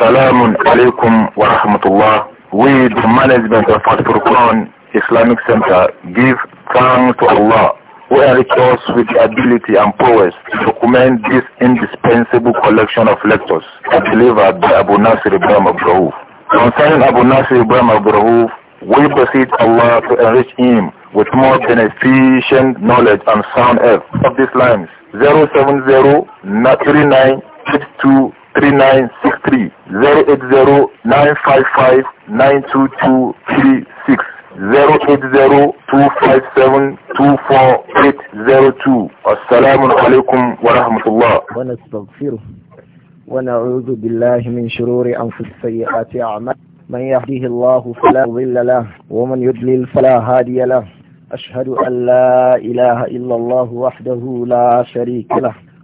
Assalamu alaikum wa rahmatullah. We, the management of Fatihul Quran Islamic Center, give thanks to Allah who enriched us with the ability and powers to document this indispensable collection of lectures delivered by Abu Nasir Ibrahim Abrahouf. Concerning Abu Nasir Ibrahim Abrahouf, we beseech Allah to enrich him with more beneficent knowledge and sound health of these lines. 070 39 السلام عليكم ورحمة الله ونستغفره ونعوذ بالله من شرور أنفس سيئات أعمال من يهديه الله فلا ظل له ومن يضلل فلا هادي له أشهد أن لا إله إلا الله وحده لا شريك له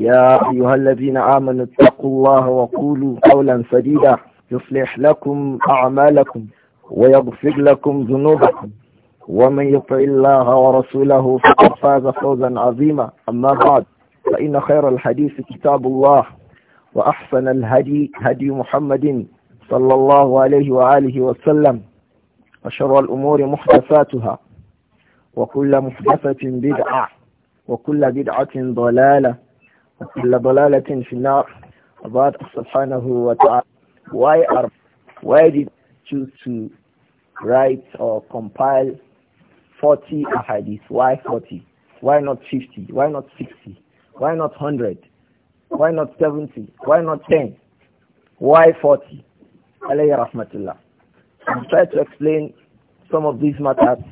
يا أيها الذين آمنوا اتقوا الله وقولوا قولا سديدا يصلح لكم أعمالكم ويغفر لكم ذنوبكم ومن يطع الله ورسوله فقد فاز فوزا عظيما أما بعد فإن خير الحديث كتاب الله وأحسن الهدي هدي محمد صلى الله عليه وآله وسلم وشر الأمور محدثاتها وكل محدثة بدعة وكل بدعة ضلالة وكل ضلالة في النار about سبحانه وتعالى why are why did choose to write or compile 40 ahadith why 40 why not 50 why not 60 why not 100 why not 70 why not 10 why 40 alayhi rahmatullah I'll try to explain some of these matters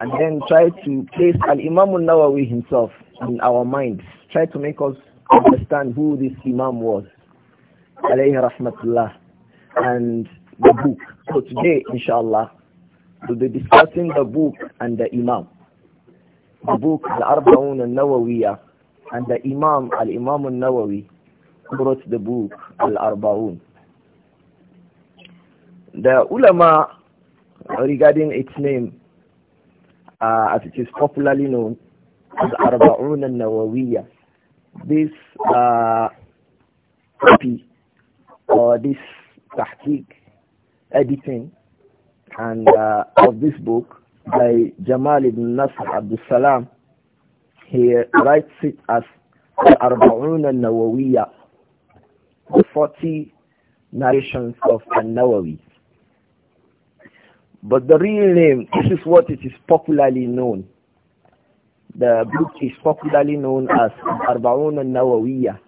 and then try to place al-imam al-nawawi himself in our minds try to make us understand who this Imam was, alayhi rahmatullah, and the book. So today, inshallah, we'll be discussing the book and the Imam. The book, Al-Arba'un al-Nawawiyah, and the Imam, Al-Imam al-Nawawi, wrote the book, Al-Arba'un. The ulama regarding its name, uh, as it is popularly known, Al-Arba'un al-Nawawiyah, this uh, copy or this tahqiq editing and uh, of this book by Jamal ibn Nasr Abdul Salam. He writes it as Al-Arba'un al-Nawawiyya, the 40 narrations of al-Nawawi. But the real name, this is what it is popularly known The book is popularly known as Arbaun al-Nawawiyah.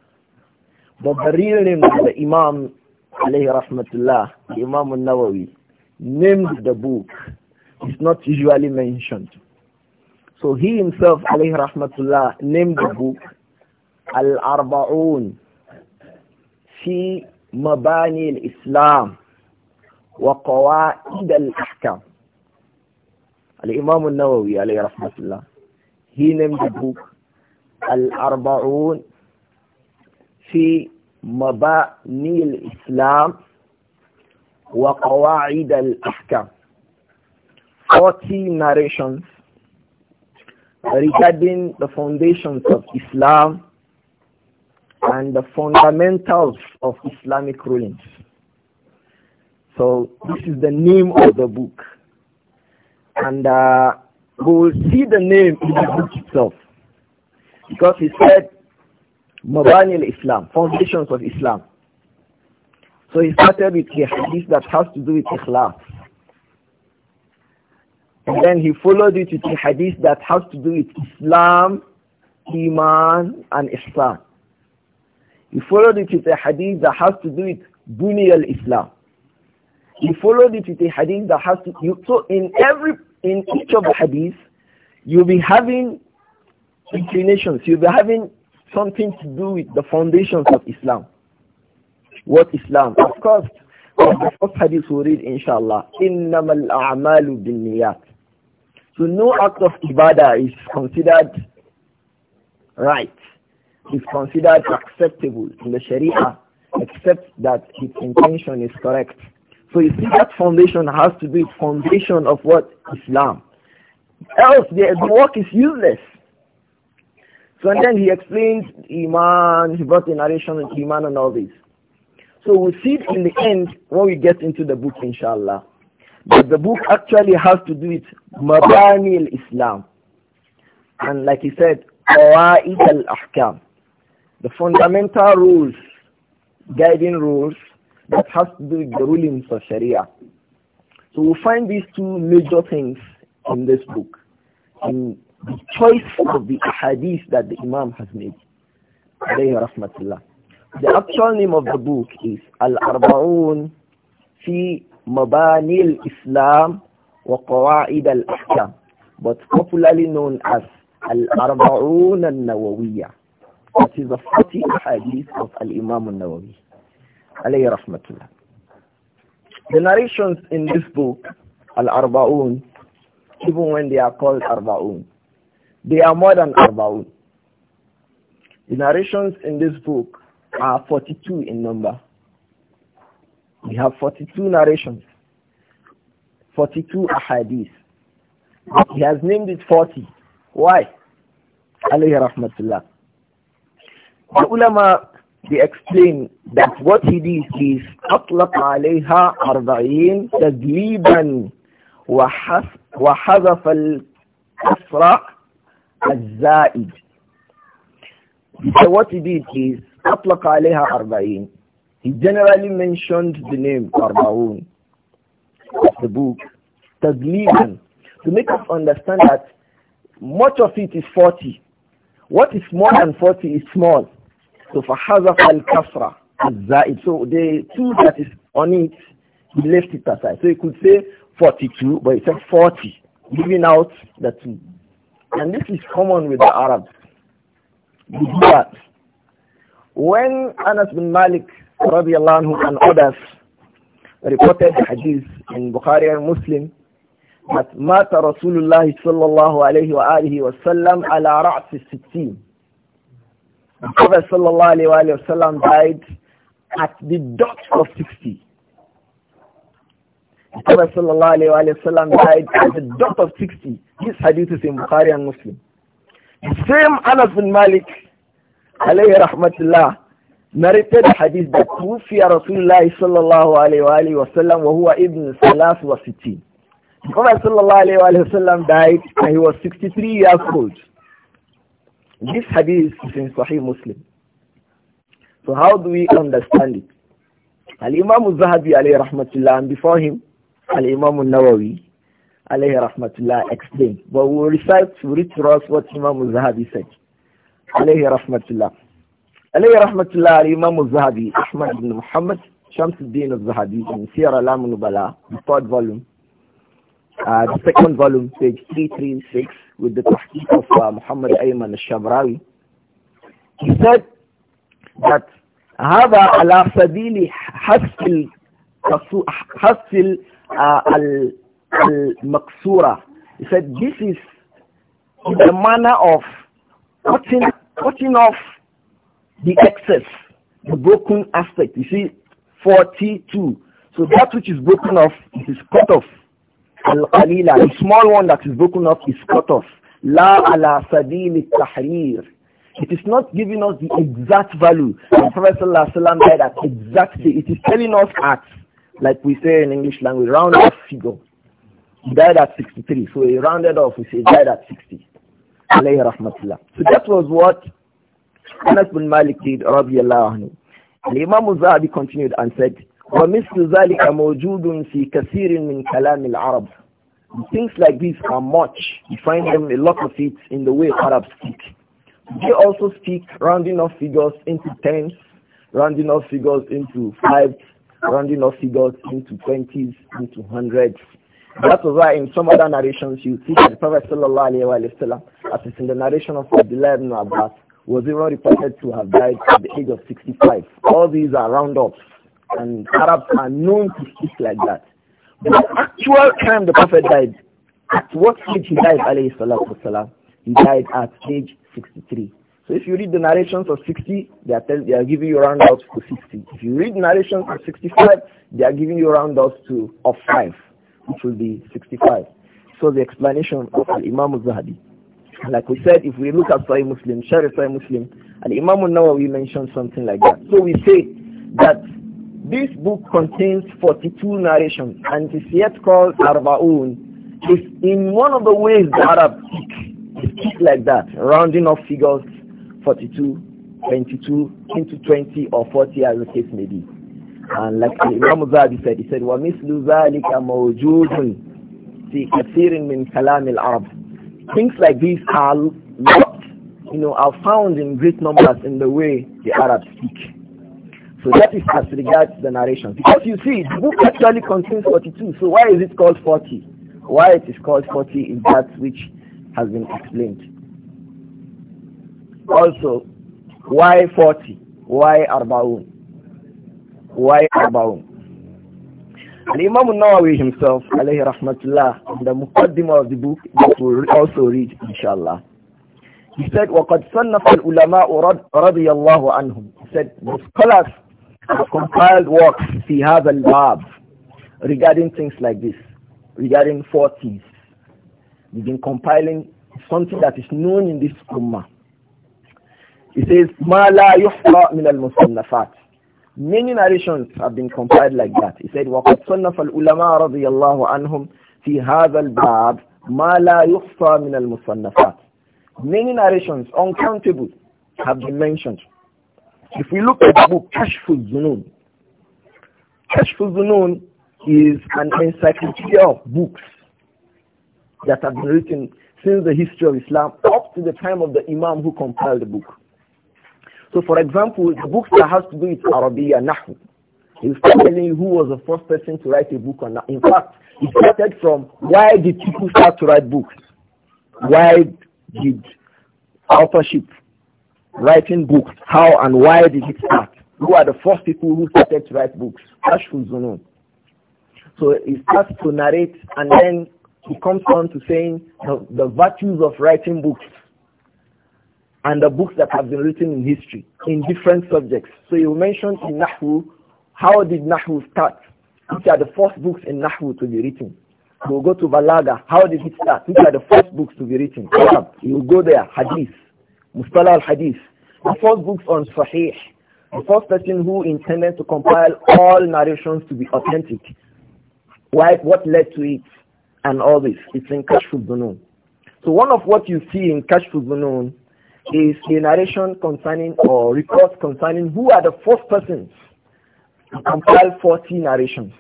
But the real name of the Imam, alayhi rahmatullah, the Imam al-Nawawi, named the book. It's not usually mentioned. So he himself, alayhi rahmatullah, named the book Al-Arba'un في مباني الإسلام وقواعد الأحكام الإمام النووي عليه رحمة الله he named the book Al-Arba'un fi في مباني الإسلام al الأحكام 40 narrations regarding the foundations of Islam and the fundamentals of Islamic rulings. So this is the name of the book. And uh, who will see the name in the book itself. Because he said, Mabani al-Islam, foundations of Islam. So he started with the hadith that has to do with ikhlas. And then he followed it with the hadith that has to do with Islam, Iman, and Ihsan. He followed it with a hadith that has to do with Buni al-Islam. He followed it with a hadith that has to... You, so in every in each of the hadith, you'll be having inclinations, you'll be having something to do with the foundations of Islam. What Islam? Of course, the first hadith we read, inshallah, إِنَّمَا الْأَعْمَالُ بِالنِّيَاتِ So no act of ibadah is considered right, is considered acceptable in the sharia, except that its intention is correct. So you see that foundation has to be foundation of what? Islam. Else the, the work is useless. So and then he explains Iman, he brought the narration of Iman and all this. So we see it in the end when we get into the book inshallah. But the book actually has to do with Mabani al-Islam. And like he said, al-Ahkam. The fundamental rules, guiding rules that has to do with the rulings of Sharia. So we find these two major things in this book, in the choice of the hadith that the Imam has made. The actual name of the book is Al-Arba'un fi Mabani al-Islam wa Qawa'id al-Ahkam, but popularly known as Al-Arba'un al-Nawawiyya, which is the 40 hadith of Al-Imam al-Nawawi alayhi rahmatullah. The narrations in this book, Al-Arba'un, even when they are called Arba'un, they are more than Arba'un. The narrations in this book are 42 in number. We have 42 narrations, 42 ahadith. He has named it 40. Why? Alayhi rahmatullah. The ulama they explain that what he did is أطلق عليها أربعين تجليبا وحذف الكسر الزائد So what he did is أطلق عليها أربعين He generally mentioned the name أربعون of the book تجليبا To make us understand that much of it is 40 What is more than 40 is small so for al-kasra, zaid. So the two that is on it, he left it aside. So he could say 42, but he said 40, leaving out the two. And this is common with the Arabs. They do that. When Anas bin Malik anhu, and others reported hadith in Bukhari and Muslim that Mata Rasulullah sallallahu alayhi wa alihi wa sallam ala ra'si sittin the Prophet ﷺ died at the dot of 60. The Prophet ﷺ died at the dot of 60. This hadith is in Bukhari and Muslim. The same Anas bin Malik, alayhi rahmatullah, narrated a hadith that Tufiya Rasulullah sallallahu alayhi wa sallam wa huwa ibn salas wa sittin. The Prophet sallallahu alayhi wa sallam died and he was 63 years old. This hadith is in Sahih Muslim. So how do we understand it? Al-Imam al-Zahabi alayhi rahmatullah and before him Al-Imam al-Nawawi alayhi rahmatullah explained. But we will recite, we read to us what Imam al-Zahabi said. Alayhi rahmatullah. Alayhi rahmatullah al-Imam al-Zahabi Ahmad ibn Muhammad Shamsuddin al-Zahabi in Sierra Lamun Bala, the third volume, uh, the second volume, page 336 with the tahqiq of uh, Muhammad Ayman al-Shabrawi. He said that هذا على سبيل حسب المكسورة. He said this is the manner of cutting, cutting off the excess, the broken aspect. You see, 42. So that which is broken off is cut off. Al-Qalila, the small one that is broken up is cut off. La ala sabil tahrir. It is not giving us the exact value. The Prophet said that exactly. It is telling us at, like we say in English language, round off figure. He died at 63, so he rounded off. He said died at 60. Alayhi rahmatullah. So that was what Anas bin Malik did, Rabbi Allah, And Imam Muzabi continued and said, ومثل ذلك موجود في كثير من كلام العرب Things like these are much. You find them a lot of it in the way Arabs speak. They also speak rounding off figures into tens, rounding off figures into fives, rounding off figures into twenties, into hundreds. That's why in some other narrations you see that the Prophet sallallahu alayhi as it's in the narration of Abdullah ibn Abbas, was even reported to have died at the age of 65. All these are roundups and Arabs are known to speak like that. The actual time the Prophet died, at what age he died, alayhi salatu he died at age 63. So if you read the narrations of 60, they are, tell, they are giving you roundouts to 60. If you read narrations of 65, they are giving you roundouts to of 5, which will be 65. So the explanation of Imam al-Zahabi. Like we said, if we look at Sahih Muslim, Sharif Sahih Muslim, and Imam al-Nawawi mentioned something like that. So we say that this book contains 42 narrations and is yet called Arbaun. It's in one of the ways the Arab speak. speak like that, rounding off figures 42, 22, into 20 or 40 as the case may be. And like Imam Zadi said, he said, وَمِثْلُ ذَلِكَ مَوْجُودٌ فِي كَثِيرٍ مِنْ كَلَامِ الْعَرَبِ Things like these are not, you know, are found in great numbers in the way the Arabs speak. So that is as regards the narration. Because you see, the book actually contains 42. So why is it called 40? Why it is called 40 is that which has been explained. Also, why 40? Why Arbaun? Why Arbaun? And Imam Nawawi himself, alayhi rahmatullah, the muqaddimah of the book that we'll also read, inshallah. He said, وَقَدْ صَنَّفَ الْعُلَمَاءُ رَضِيَ اللَّهُ عَنْهُمْ He said, the scholars compiled works he has al bab regarding things like this, regarding forties. We've been compiling something that is known in this ummah. It says, "Ma la yuhra min al musannafat." Many narrations have been compiled like that. He said, وَقَدْ صَنَّفَ الْعُلَمَاءَ رَضِيَ اللَّهُ عَنْهُمْ فِي هَذَا الْبَابِ مَا لَا يُحْصَى مِنَ الْمُصَنَّفَاتِ Many narrations, uncountable, have been mentioned if we look at the book Kashful Zunun, Kashful Zunun is an encyclopedia of books that have been written since the history of Islam up to the time of the Imam who compiled the book. So for example, the books that has to do with and Nahu, he's telling you who was the first person to write a book on that. In fact, it started from why did people start to write books? Why did authorship writing books. How and why did it start? Who are the first people who started to write books? Kashful So he starts to narrate and then he comes on to saying the, the virtues of writing books and the books that have been written in history in different subjects. So you mentioned in Nahu, how did Nahu start? Which are the first books in Nahu to be written? We'll go to Balaga. How did it start? Which are the first books to be written? You'll go there. Hadith. Mustala al-Hadith, the first books on Sahih, the first person who intended to compile all narrations to be authentic, why, what led to it, and all this. It's in Kashful Dunun. So one of what you see in Kashful Dunun is a narration concerning or reports concerning who are the first persons to compile 40 narrations.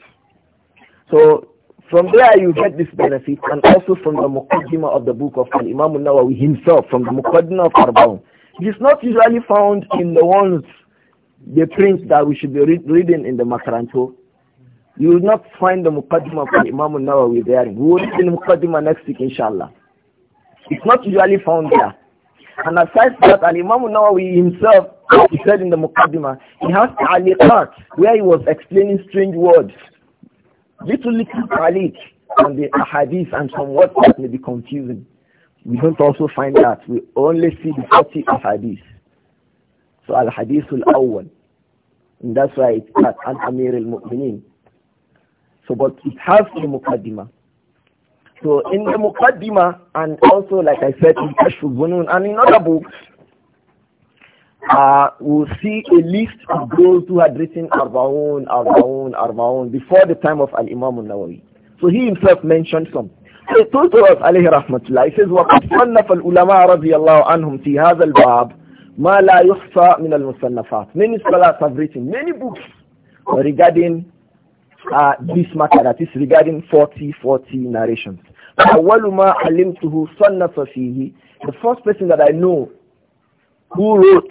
So from there you get this benefit and also from the Muqaddimah of the book of Al-Imam al-Nawawi himself, from the Muqaddimah of Arbaun. It is not usually found in the ones, the prints that we should be read, reading in the Makaranto. You will not find the Muqaddimah of Imam al-Nawawi there. We will read the Muqaddimah next week inshallah. It's not usually found there. And aside from that, Al-Imam al-Nawawi himself, he said in the Muqaddimah, he has Aliqat, where he was explaining strange words. Literally Khalid and the Ahadith and some words that may be confusing. We don't also find that. We only see the 40 Ahadith. So Al-Hadith Al-Awwal. And that's why it's called an Amir Al-Mu'mineen. So but it has a Muqaddimah. So in the Muqaddimah and also like I said in Kashf and in other books, uh, we'll see a list of those who had written Arbaun, Arbaun, Arbaun before the time of Al-Imam al-Nawawi. So he himself mentioned some. He told to us, alayhi rahmatullah, he says, وَقَدْ صَنَّفَ الْأُلَمَاءَ رَضِيَ اللَّهُ عَنْهُمْ فِي هَذَا الْبَابِ مَا لَا يُحْصَى مِنَ الْمُصَنَّفَاتِ Many scholars have written many books regarding uh, this matter, that is regarding 40, 40 narrations. أول ما علمته صنف فيه The first person that I know who wrote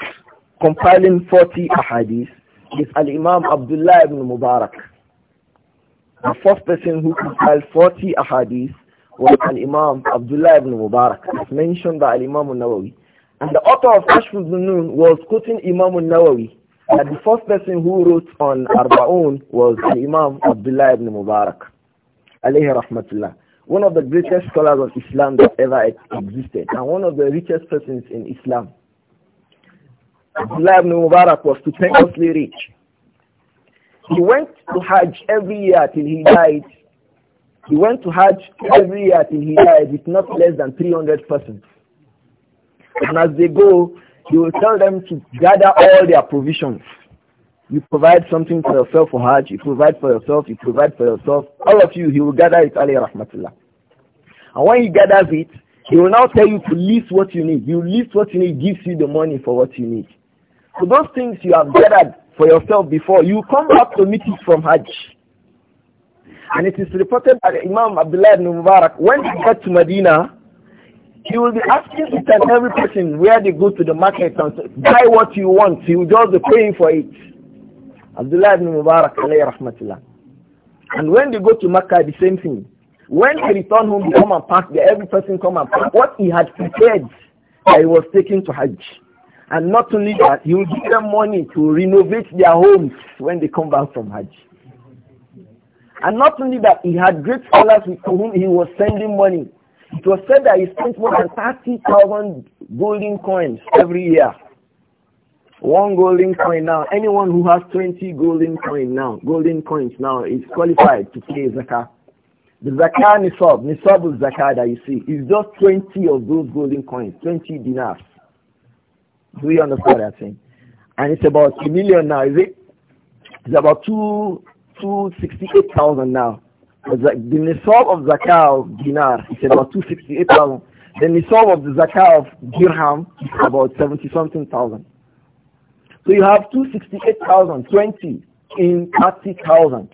compiling 40 ahadith is Al-Imam Abdullah ibn Mubarak. The first person who compiled 40 ahadith was Al-Imam Abdullah ibn Mubarak, as mentioned by Al-Imam al-Nawawi. And the author of Kashful Dunun was quoting Imam al-Nawawi that the first person who wrote on Arbaun was Imam Abdullah ibn Mubarak. Alayhi rahmatullah. One of the greatest scholars of Islam that ever existed and one of the richest persons in Islam. Abdullah Mubarak was stupendously rich. He went to Hajj every year till he died. He went to Hajj every year till he died with not less than 300 persons. And as they go, he will tell them to gather all their provisions. You provide something for yourself for Hajj, you provide for yourself, you provide for yourself. All of you, he will gather it, alayhi rahmatullah. And when he gathers it, he will now tell you to list what you need. You list what you need, gives you the money for what you need. So those things you have gathered for yourself before, you come back to meet it from Hajj. And it is reported that Imam Abdullah ibn Mubarak, when he got to Medina, he will be asking to tell every person where they go to the market and say, buy what you want. He will just be paying for it. Abdullah ibn Mubarak, alayhi rahmatullah. And when they go to Makkah, the same thing. When they return home, they come and pack, every person come and pack what he had prepared that he was taking to Hajj. And not only that, he will give them money to renovate their homes when they come back from Hajj. And not only that, he had great scholars to whom he was sending money. It was said that he spent more than 30,000 golden coins every year. One golden coin now. Anyone who has 20 golden coin now, golden coins now is qualified to pay zakah. The zakah nisab, nisab zakah that you see, is just 20 of those golden coins, 20 dinars. Do you understand that thing? And it's about a million now, is it? It's about two two sixty eight thousand now. The nisab of zakah of dinar is about two sixty eight thousand. The nisab of the zakah of dirham is about seventy something thousand. So you have two sixty eight thousand twenty in thirty thousand.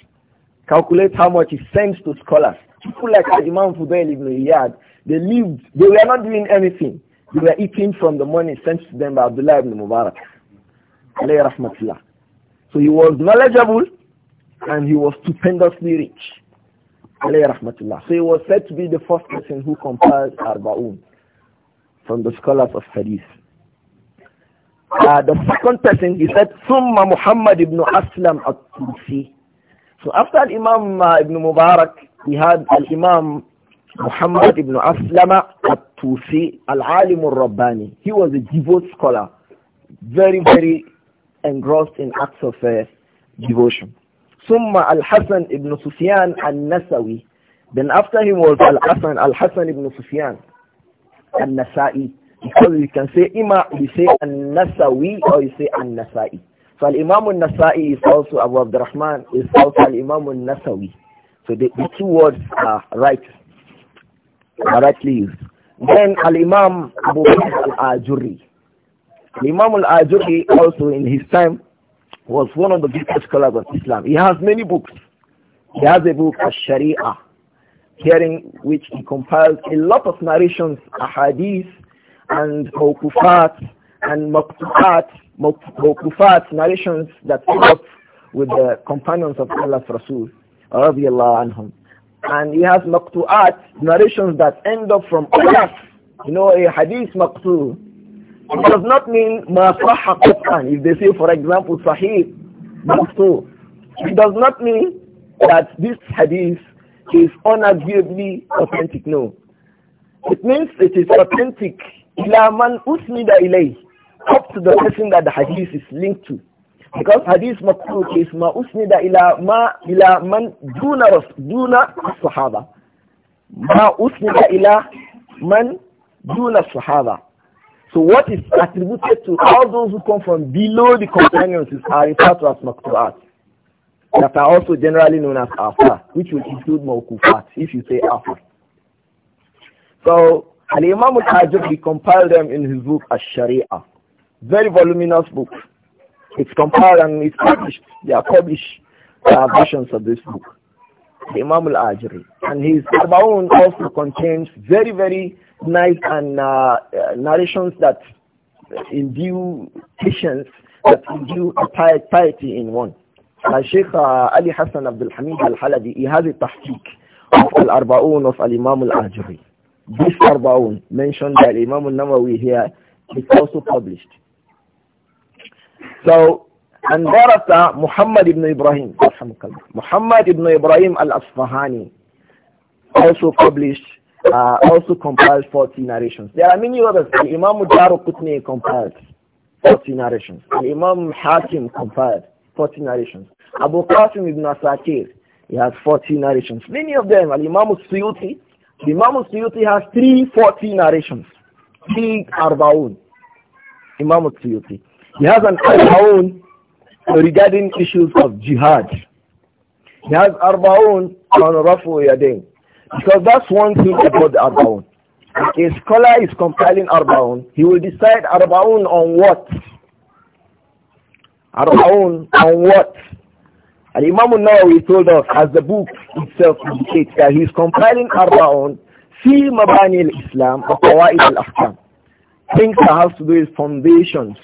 Calculate how much it sends to scholars. People like Imam Fudail ibn Iyad, they lived, they were not doing anything. They were eating from the money sent to them by Abdullah ibn Mubarak. rahmatullah. So he was knowledgeable and he was stupendously rich. rahmatullah. So he was said to be the first person who compiled Arba'un from the scholars of Hadith. Uh, the second person, he said, Summa Muhammad ibn Aslam at-Tusi. So after Imam uh, ibn Mubarak, we had imam Muhammad ibn Aslama al-Tusi al-Alim al-Rabbani. He was a devout scholar, very, very engrossed in acts of uh, devotion. Summa al-Hasan ibn Sufyan al-Nasawi. Then after him was al-Hasan, al-Hasan ibn Sufyan al-Nasai. Because you can say ima, you say al-Nasawi or you say al-Nasai. So al-Imam al-Nasai is also Abu Abdurrahman, is also al-Imam al-Nasawi. So the, the two words are right correctly used. Then Al-Imam Abu Bakr al-Ajuri. Al-Imam al-Ajuri also in his time was one of the greatest scholars of Islam. He has many books. He has a book, Al-Sharia, hearing which he compiles a lot of narrations, ahadith, and mawkufat, and maqtufat, mawkufat, narrations that deal with the companions of Allah's Rasul, radiallahu anhum and he has maqtu'at, narrations that end up from others. You know, a hadith maqtu. It does not mean ma If they say, for example, sahih maqtu, it does not mean that this hadith is unarguably authentic. No. It means it is authentic ila man usnida ilayh, up to the person that the hadith is linked to. Because hadith makruh is ma usnida ila ma ila man duna ras duna sahaba. Ma usnida ila man duna sahaba. So what is attributed to all those who come from below the companions is are referred to as maktuat. That are also generally known as afa, which will include mawkufat if you say afa. So Al-Imam al-Hajjaj, compiled them in his book Ash-Sharia. Very voluminous book. It's compiled and it's published. There are published uh, versions of this book, the Imam al-Ajri. And his al-Ba'oun also contains very, very nice and uh, uh narrations that imbue patience, that imbue piety in one. Uh, Sheikh uh, Ali Hassan Abdul Hamid al-Halabi, he has a tahqiq of al-Arbaun of al-Imam al-Ajri. This Arbaun mentioned by Imam al-Nawawi here is also published. So, and thereafter, Muhammad ibn Ibrahim, Muhammad ibn Ibrahim al-Asfahani, also published, uh, also compiled 40 narrations. There are many others. The Imam Daru Qutni compiled 40 narrations. The Imam Hakim compiled 40 narrations. Abu Qasim ibn Asakir, he has 40 narrations. Many of them, Al Imam Suyuti, the Imam Suyuti has 340 narrations. Big Arbaun, Imam Suyuti. He has an arbaun regarding issues of jihad. He has arbaun on Rafu Yadin. Because that's one thing about the arbaun. A scholar is compiling arbaun. He will decide arbaun on what? Arbaun on what? And Imam Nawawi told us, as the book itself indicates, that he is compiling arbaun fi mabani al-Islam wa qawaid al-Ahkam. Things that have to do with foundations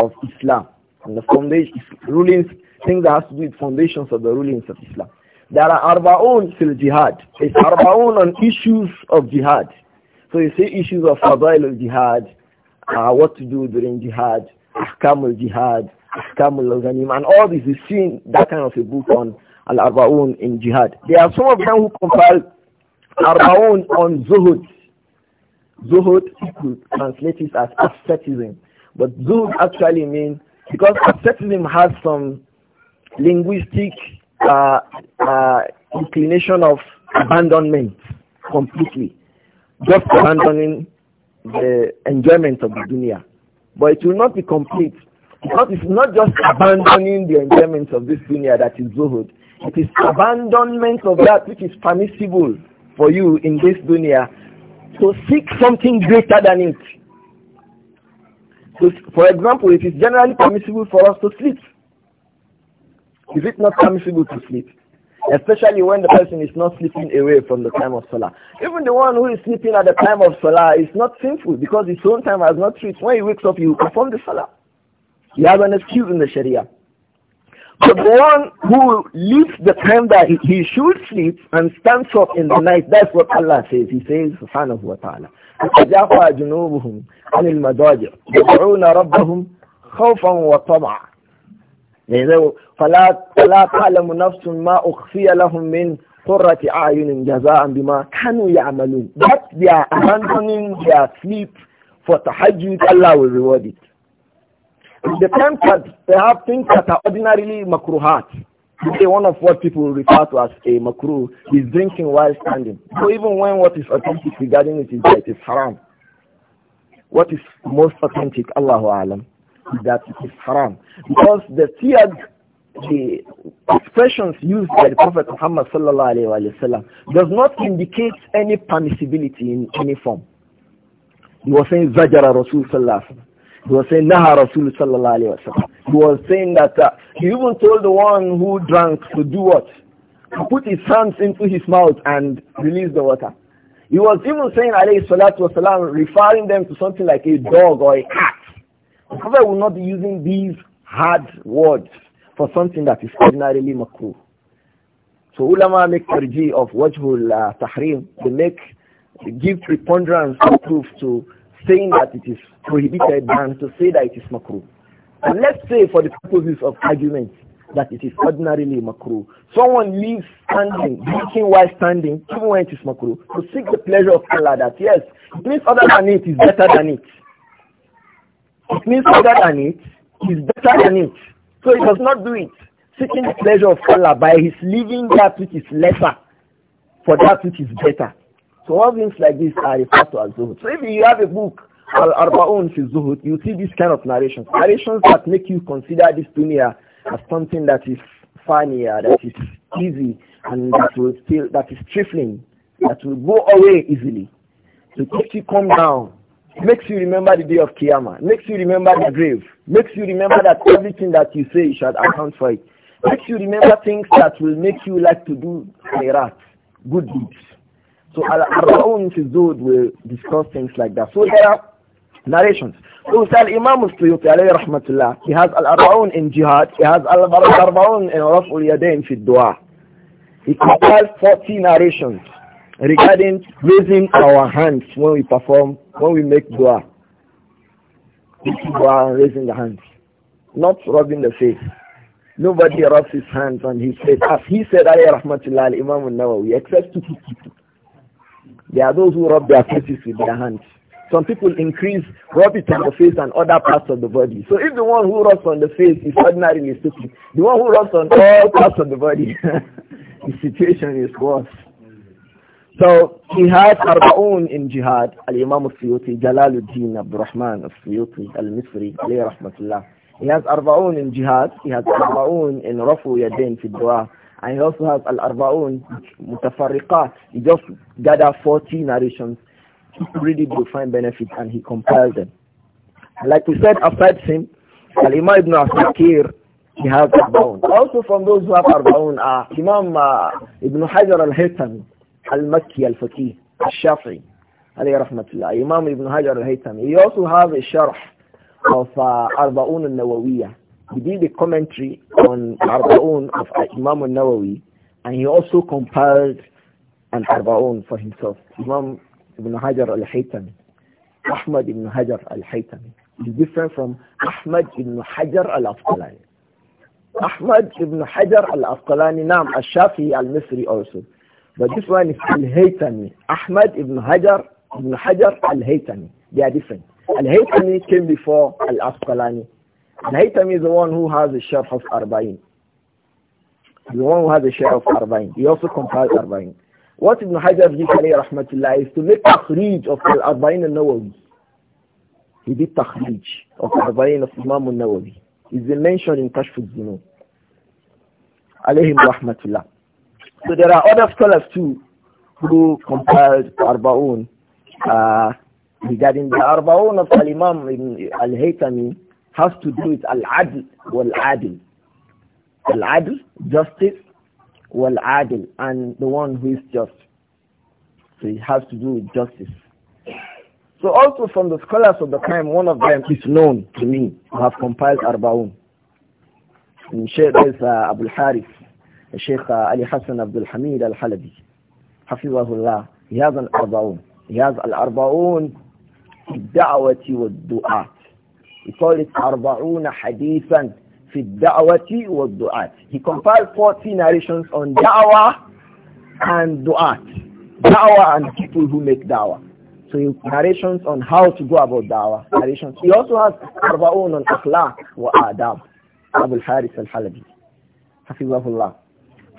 of Islam and the foundation rulings, things that has to do with foundations of the rulings of Islam. There are arba'un fil jihad. It's arba'un on issues of jihad. So you say issues of fadail al jihad, uh, what to do during jihad, ahkam al jihad, ahkam al ghanim, and all this is seen that kind of a book on al arba'un in jihad. There are some of them who compile arba'un on zuhud. Zuhud, you could translate it as asceticism but good actually means, because asceticism has some linguistic uh, uh, inclination of abandonment completely, just abandoning the enjoyment of the dunya. But it will not be complete because it's not just abandoning the enjoyment of this dunya that is zuhud. It is abandonment of that which is permissible for you in this dunya to seek something greater than it. So, for example, it is generally permissible for us to sleep. Is it not permissible to sleep? Especially when the person is not sleeping away from the time of Salah. Even the one who is sleeping at the time of Salah is not sinful because his own time has not reached. When he wakes up, he will perform the Salah. He has an excuse in the Sharia. But the one who leaves the time that he, should sleep and stands up in the night, that's what Allah says. He says, subhanahu wa ta'ala. تتجافى جنوبهم عن المضاجع يدعون ربهم خوفا وطمعا فلا فلا تعلم نفس ما أخفي لهم من قرة أعين جزاء بما كانوا يعملون but they are abandoning their sleep for tahajjud Allah will reward it the times that they have things that are ordinarily makruhat, today one of what people refer to as a makruh is drinking while standing. So even when what is authentic regarding it is that it is haram. What is most authentic, Allahu Alam, is that it is haram. Because the siyag, the expressions used by the Prophet Muhammad sallallahu alayhi wa sallam does not indicate any permissibility in any form. He was saying, Zajara Rasul sallallahu he was saying, Naha Rasul sallallahu alayhi wa sallam. He was saying that uh, he even told the one who drank to do what? To put his hands into his mouth and release the water. He was even saying, alayhi salatu wasalam, referring them to something like a dog or a cat. The Prophet will not be using these hard words for something that is ordinarily makruh. So ulama make tarji of wajhul uh, tahrim. They make, they give preponderance to proof to saying that it is prohibited than to say that it is makruh. And let's say for the purposes of argument that it is ordinarily makruh. Someone leaves standing, drinking while standing, even when it is makruh, to seek the pleasure of Allah that yes, it means other than it is better than it. It means other than it is better than it. So he does not do it. Seeking the pleasure of Allah by his leaving that which is lesser for that which is better. Small things like this are referred to as zuhud. So if you have a book, Al-Arba'un fi zuhud, you see this kind of narrations. Narrations that make you consider this dunya as something that is funnier, that is easy, and that will still, that is trifling, that will go away easily. To so keep you calm down, makes you remember the day of Qiyamah, makes you remember the grave, makes you remember that everything that you say you should account for it, makes you remember things that will make you like to do khairat, good deeds. So Al-Ra'un fi Zuhud will discuss things like that. So there are narrations. So Al-Imam al-Suyuti alayhi rahmatullah, he has al arbaun in Jihad, he has al arbaun in Raf'ul Yadayn fi Dua. He compiled 40 narrations regarding raising our hands when we perform, when we make dua. Dua and raising the hands, not rubbing the face. Nobody rubs his hands on his face. As he said, alayhi rahmatullah, Imam al-Nawawi, except two people. There are those who rub their faces with their hands. Some people increase, rub it on the face and other parts of the body. So if the one who rubs on the face is ordinarily stupid, the one who rubs on all parts of the body, the situation is worse. So he has Arba'un in jihad, Al-Imam al-Suyuti, Jalaluddin Abdurrahman of suyuti Al-Misri, alayhi rahmatullah. He has Arba'un in jihad, he has Arba'un in Rafu yadin fi dua, and he also has Al-Arba'un, Mutafarriqat. He just gathered 40 narrations. really to find benefit and he compiled them. Like we said, aside him, Al-Imam ibn Asakir, he has Arba'un. Also from those who have Arba'un are Imam uh, Ibn Hajar al-Haytham, Al-Makki al-Faqih, Al-Shafi'i, alayhi rahmatullah. Imam Ibn Hajar al-Haytham. He also has a sharh of uh, Arba'un al-Nawawiyah. He did a commentary on Arba'un of Imam al-Nawawi and he also compiled an Arba'un for himself. Imam Ibn Hajar al-Haytami. Ahmad Ibn Hajar al-Haytami. is different from Ahmad Ibn Hajar al-Asqalani. Ahmad Ibn Hajar al-Asqalani, Naam al-Shafi al-Misri also. But this one is al-Haytami. Ahmad Ibn Hajar, Ibn Hajar al-Haytami. They are different. Al-Haytami came before al-Asqalani. Al-Haytham is the one who has the Sharh of Arba'in. The one who has the Sharh of Arba'in. He also compiled Arba'in. What Ibn Hajar did rahmatullah is to make takhrij of the arbain al-Nawawi. He did takhrij of Arba'in of Imam al-Nawawi. He has been mentioned in Kashf al-Zunub. Alayhim rahmatullah. So there are other scholars too who compiled Arba'un uh, regarding the Arba'un of Al-Imam Al-Haytami has to do with al-adl wal-adl. Al-adl, justice, wal-adl, and the one who is just. So it has to do with justice. So also from the scholars of the time, one of them is known to me, who have compiled Arbaun. And Sheikh is uh, Abu Harith, Sheikh uh, Ali Hassan Abdul Hamid Al-Halabi, Hafizahullah. He has an Arbaun. He has Al-Arbaun, الدعوة والدعاء he called it Arba'una Hadithan fi da'wati wa du'at. He compiled 40 narrations on da'wah and du'at. Da'wah and people who make da'wah. So he, narrations on how to go about da'wah. Narrations. He also has Arba'un on akhlaq wa adab. Abu Haris al-Halabi. Hafizahullah.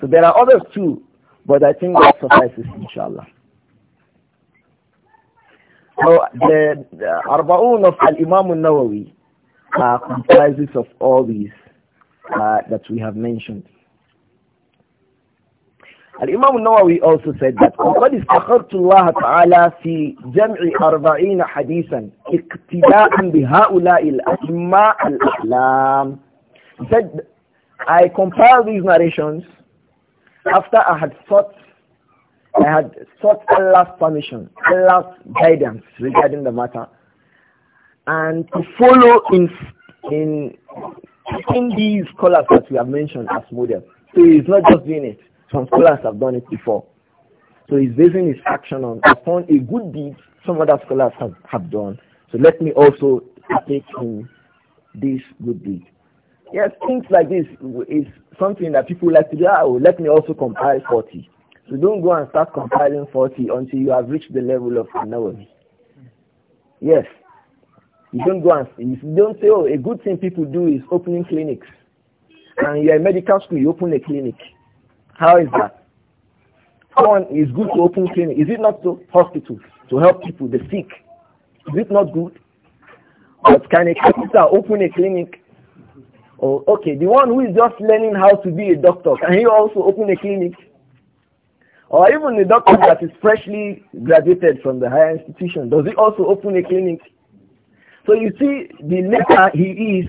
So there are others too, but I think that suffices inshallah. So the, the Arba'un of Al-Imam nawawi uh, comprises of all these uh, that we have mentioned. الإمام النووي also said that وقد استخرت الله تعالى في جمع أربعين حديثا اقتداء بهؤلاء الأئمة الأحلام said I compiled these narrations after I had sought I had sought Allah's permission, Allah's guidance regarding the matter and to follow in in in these scholars that we have mentioned as models. So he's not just doing it. Some scholars have done it before. So he's basing his action on upon a good deed some other scholars have, have done. So let me also take in this good deed. Yes, things like this is something that people like to do. Ah, oh, let me also compile 40. So don't go and start compiling 40 until you have reached the level of knowledge. Yes, you don't go and you don't say, oh, a good thing people do is opening clinics. And you're in medical school, you open a clinic. How is that? One is good to open clinic. Is it not to hospitals to help people, the sick? Is it not good? But can a carpenter open a clinic? oh, okay, the one who is just learning how to be a doctor, can he also open a clinic? Or even the doctor that is freshly graduated from the higher institution, does he also open a clinic? So you see, the later he is,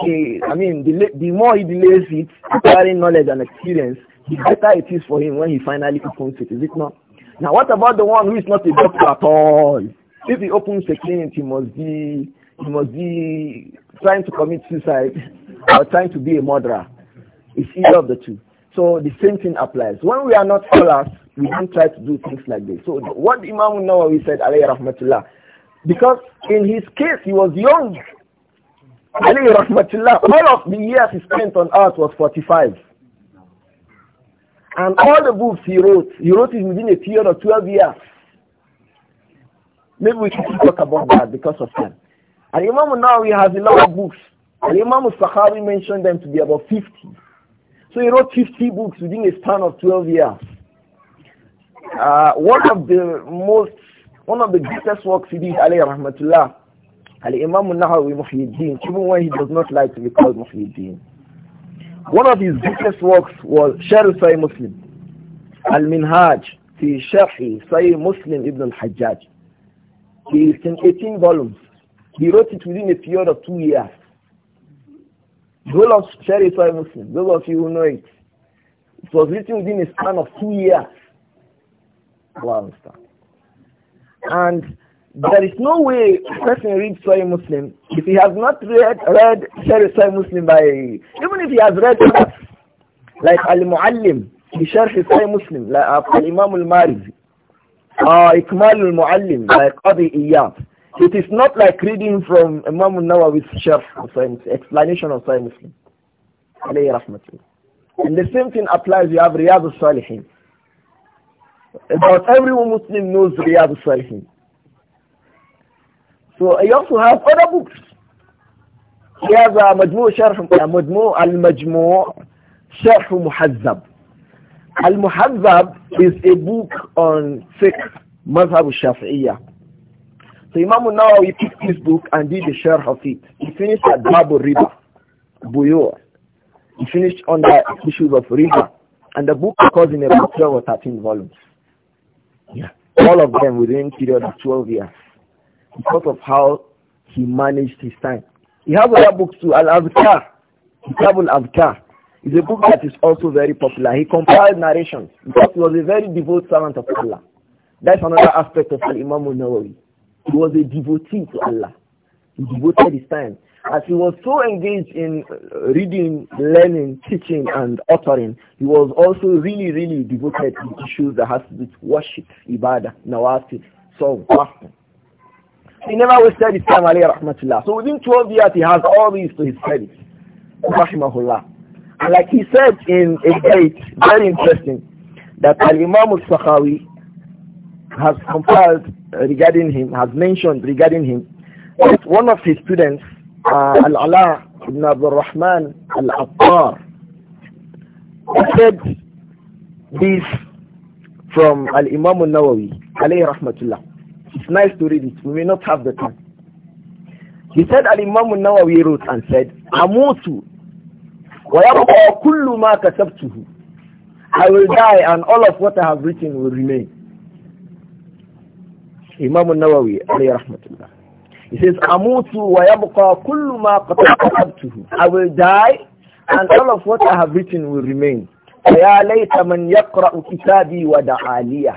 he, I mean, the, the more he delays it, acquiring knowledge and experience, the better it is for him when he finally opens it. Is it not? Now, what about the one who is not a doctor at all? If he opens a clinic, he must be he must be trying to commit suicide or trying to be a murderer. It's either of the two. So the same thing applies. When we are not scholars, we don't try to do things like this. So what Imam Nawawi said, alayhi rahmatullah, because in his case, he was young. Ali Rahmatullah, all of the years he spent on earth was 45. And all the books he wrote, he wrote it within a period of 12 years. Maybe we should talk about that because of time. And Imam he has a lot of books. And Imam Sakhawi mentioned them to be about 50. So he wrote 50 books within a span of 12 years. Uh, one of the most one of the greatest works he did, alayhi rahmatullah, al-Imam al-Nahawi Muhyiddin, even when he does not like to be called Muhyiddin. One of his greatest works was Sharh Sahih Muslim, Al-Minhaj, fi Sharh Sahih Muslim ibn al-Hajjaj. He is in 18 volumes. He wrote it within a period of two years. The whole of Sharh Sahih Muslim, those of you who know it, it was written within a span of two years. Allah understand. And there is no way a person reads Sahih Muslim if he has not read read Sharh Sahih Muslim by even if he has read like Al Muallim في شرح Sahih Muslim like uh, Imam Al Marizi or Ikmal Al Muallim like Qadi Iyad. It is not like reading from Imam Al Nawawi's Sharh Sahih explanation of Sahih Muslim. And the same thing applies. You have Riyadh Al Salihin. About every Muslim knows Riyadh Salihin. So I also have other books. He has a Majmu' Sharh, uh, Majmu' Al-Majmu' Sharh Muhazzab. Al-Muhazzab is a book on fiqh, Mazhab Shafi'iyah. So Imam Nawawi picked this book and did the sharh of it. He finished at Babu Riba, Buyor. He finished on the issues of Riba. And the book occurs in about 12 or 13 volumes. Yeah. All of them within period of 12 years because of how he managed his time. He has other books too, Al-Azkar, Kitab Al-Azkar. It's a book that is also very popular. He compiled narrations because he was a very devout servant of Allah. That's another aspect of Al-Imam al-Nawawi. He was a devotee to Allah. He devoted his time. As he was so engaged in reading, learning, teaching, and uttering, he was also really, really devoted to issues that has to do with worship, ibadah, nawati, song, fasting. He never wasted his time, alayhi rahmatullah. So within 12 years, he has all these to his credit. Rahimahullah. And like he said in a date, very interesting, that Al-Imam al-Sakhawi has compiled regarding him, has mentioned regarding him, that one of his students Al-Ala ibn Abdul Rahman al He said this from Al-Imam Al-Nawawi alayhi rahmatullah. It's nice to read it. We may not have the time. He said Al-Imam Al-Nawawi wrote and said, Amutu wa yabqa kullu ma kasabtuhu. I will die and all of what I have written will remain. Imam Al-Nawawi alayhi rahmatullah. He says, Amutu wa yabqa kullu ma qatabtuhu. I will die and all of what I have written will remain. Ya layta man yaqra'u kitabi wa da'aliyah.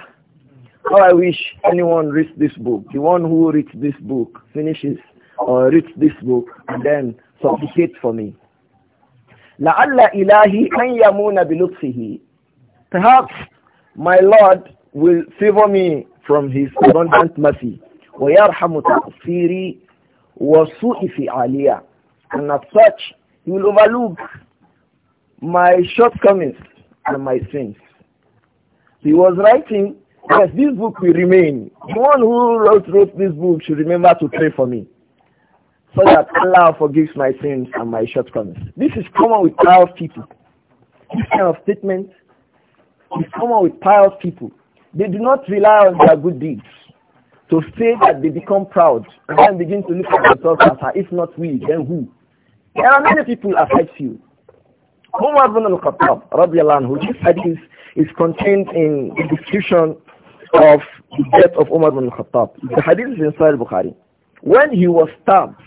How I wish anyone reads this book. The one who reads this book finishes or reads this book and then supplicates for me. لعل ilahi an يمون بلطفه. Perhaps my Lord will favor me from his abundant mercy. وَيَرْحَمُ تَقْصِيرِي وَسُوءِ فِعَالِيَا And as such, he will overlook my shortcomings and my sins. He was writing, yes, this book will remain. The one who wrote, wrote this book should remember to pray for me so that Allah forgives my sins and my shortcomings. This is common with pious people. This kind of statement is common with pious people. They do not rely on their good deeds to say that they become proud and then begin to look at themselves as ah, if not we, then who? There are many people affect you. Umar ibn al-Khattab, anhu, this hadith is contained in the description of the death of Umar ibn al-Khattab. The hadith is in Sahih Bukhari. When he was stabbed,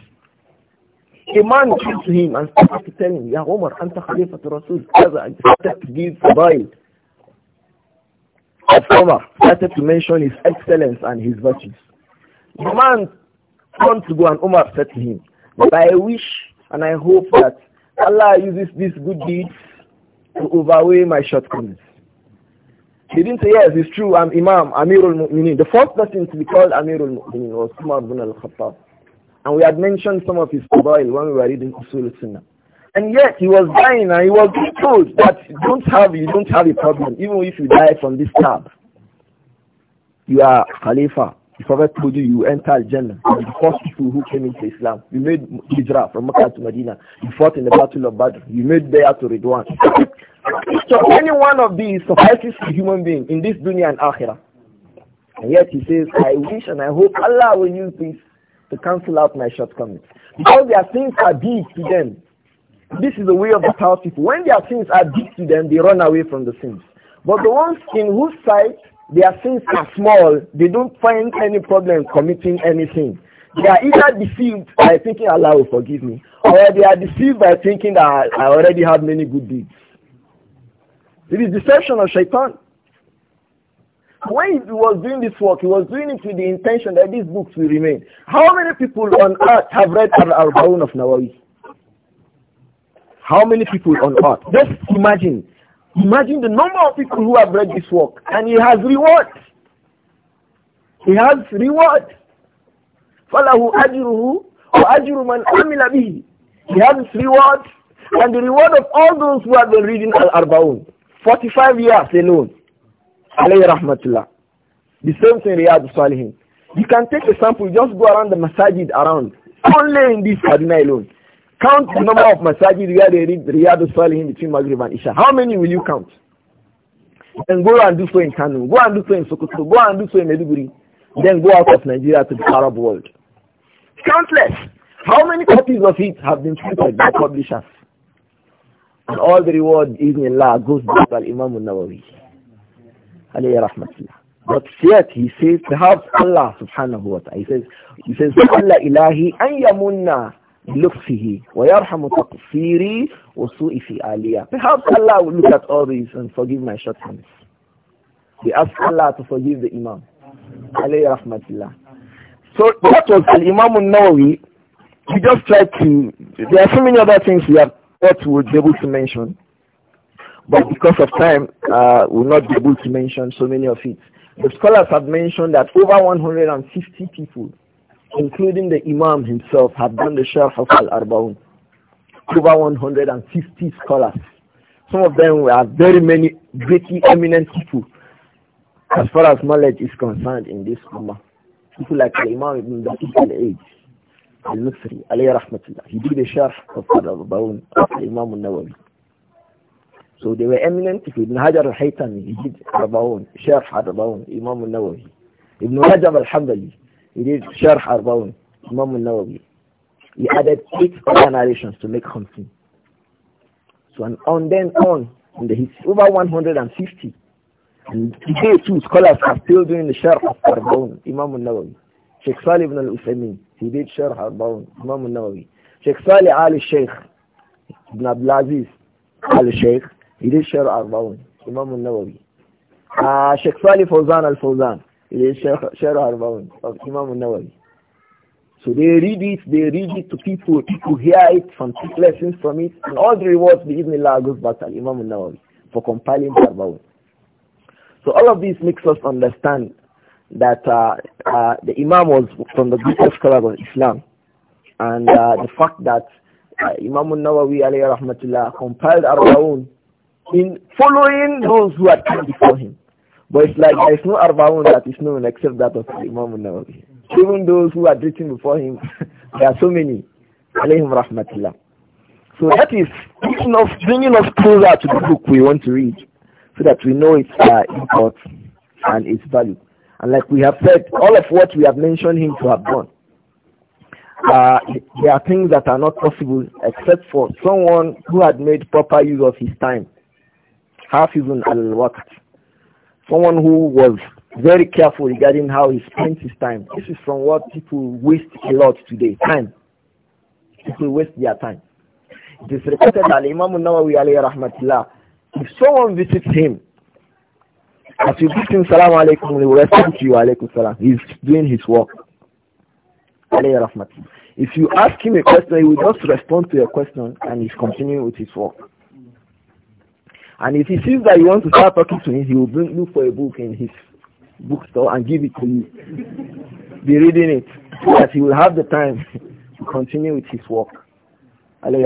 a man came to him and started to tell him, Ya Umar, anta khalifa to Rasul, started to give bail of Omar started to mention his excellence and his virtues. The man turned to go and Omar said to him, But I wish and I hope that Allah uses these good deeds to overweigh my shortcomings. He didn't say, yes, it's true, I'm Imam, Amirul Mu'minin. The first person to be called Amirul Mu'minin was Umar ibn al-Khattab. And we had mentioned some of his fadail when we were reading Usul al-Sunnah. And yet he was dying and he was told that you don't have, you don't have a problem, even if you die from this tab. You are Khalifa. The Prophet told you you enter Jannah. You the first people who came into Islam. You made Hijra from Mecca to Medina. You fought in the Battle of Badr. You made Bayah to Ridwan. so any one of these suffices a human being in this dunya and akhirah. And yet he says, I wish and I hope Allah will use this to cancel out my shortcomings. Because their things are deep to them. This is the way of the pious people. When their sins are big to them, they run away from the sins. But the ones in whose sight their sins are small, they don't find any problem committing anything. They are either deceived by thinking Allah will forgive me, or they are deceived by thinking that I already have many good deeds. It is deception of shaitan. When he was doing this work, he was doing it with the intention that these books will remain. How many people on earth have read Al-Arba'un of Nawawi? How many people on earth? Just imagine. Imagine the number of people who have read this work and he has reward. He has reward. فَلَهُ or وَأَجْرُ man عَمِلَ بِهِ He has reward and the reward of all those who have been reading Al-Arbaun. 45 years alone. Alayhi rahmatullah. The same thing follow Salihin. You can take a sample, just go around the masajid around. Only in this Adina alone. Count the number of masajid where they read Riyadh Salihin between Maghrib and Isha. How many will you count? Then go and do so in Kanu, go and do so in Sokoto, go and do so in Meduguri, then go out of Nigeria to the Arab world. Countless. How many copies of it have been printed by publishers? And all the reward is in Allah goes back to Imam al-Nawawi. But yet he says, perhaps Allah subhanahu wa ta'ala, he says, he says, Allah ilahi an yamunna لطفه ويرحم تقصيري وسوء في Perhaps Allah will look at all these and forgive my shortcomings. We ask Allah to forgive the Imam. Alayhi rahmatullah. So what was Al-Imam al-Nawawi. He just tried to, there are so many other things we have thought we would be able to mention. But because of time, uh, we'll not be able to mention so many of it. The scholars have mentioned that over 150 people including the Imam himself, have done the Sharh of Al-Arbaun. Over 150 scholars. Some of them were very many, greatly eminent people as far as knowledge is concerned in this Ummah. People like the Imam Ibn Daqiq al-Aid, al-Misri, alayhi rahmatullah. He did the Sharh of Al-Arbaun of Imam al-Nawawi. So they were eminent people. Ibn Hajar al-Haytami, he did Arbaun, Sharh al Arbaun, Imam al-Nawawi. Ibn Rajab al-Hanbali, he did Sharh Arbaun, Imam al-Nawawi. He added eight other narrations to make Khamsin. So and on then on, in the history, over 150. And today too, scholars are still doing the Sharh of Arbaun, Imam al-Nawawi. Sheikh Salih ibn al-Uthaymeen, he did Sharh Arbaun, Imam al-Nawawi. Sheikh Salih al-Sheikh, Ibn Abdulaziz al-Sheikh, he did Sharh Arbaun, Imam al-Nawawi. Uh, Sheikh Salih Fawzan al-Fawzan, it is Sharah Arba'un of Imam Nawawi. So they read it, they read it to people, people hear it, from take lessons from it, and all the rewards be Ibn Allah goes back to Imam Nawawi for compiling Arba'un. So all of this makes us understand that uh, uh, the Imam was from the greatest scholars of Islam, and uh, the fact that uh, Imam Nawawi alayhi rahmatullah compiled Arba'un in following those who had come before him. But it's like there is no Arbaun that is known except that of Imam Nawawi. Even those who are written before him, there are so many. Alayhim rahmatullah. So that is bringing us, bringing us closer to the book we want to read so that we know its uh, import and its value. And like we have said, all of what we have mentioned him to have done, uh, there are things that are not possible except for someone who had made proper use of his time. Half even al-waqt someone who was very careful regarding how he spends his time. This is from what people waste a lot today, time. People waste their time. It is reported that Imam Nawawi alayhi rahmatullah, if someone visits him, as you greet him, salam alaikum, he will respond to you, alaikum salam. He's doing his work. Alayhi rahmatullah. If you ask him a question, he will just respond to your question and he's continuing with his work. And if he sees that you want to start talking to him, he will bring, look for a book in his bookstore and give it to you. Be reading it so that he will have the time to continue with his work. And he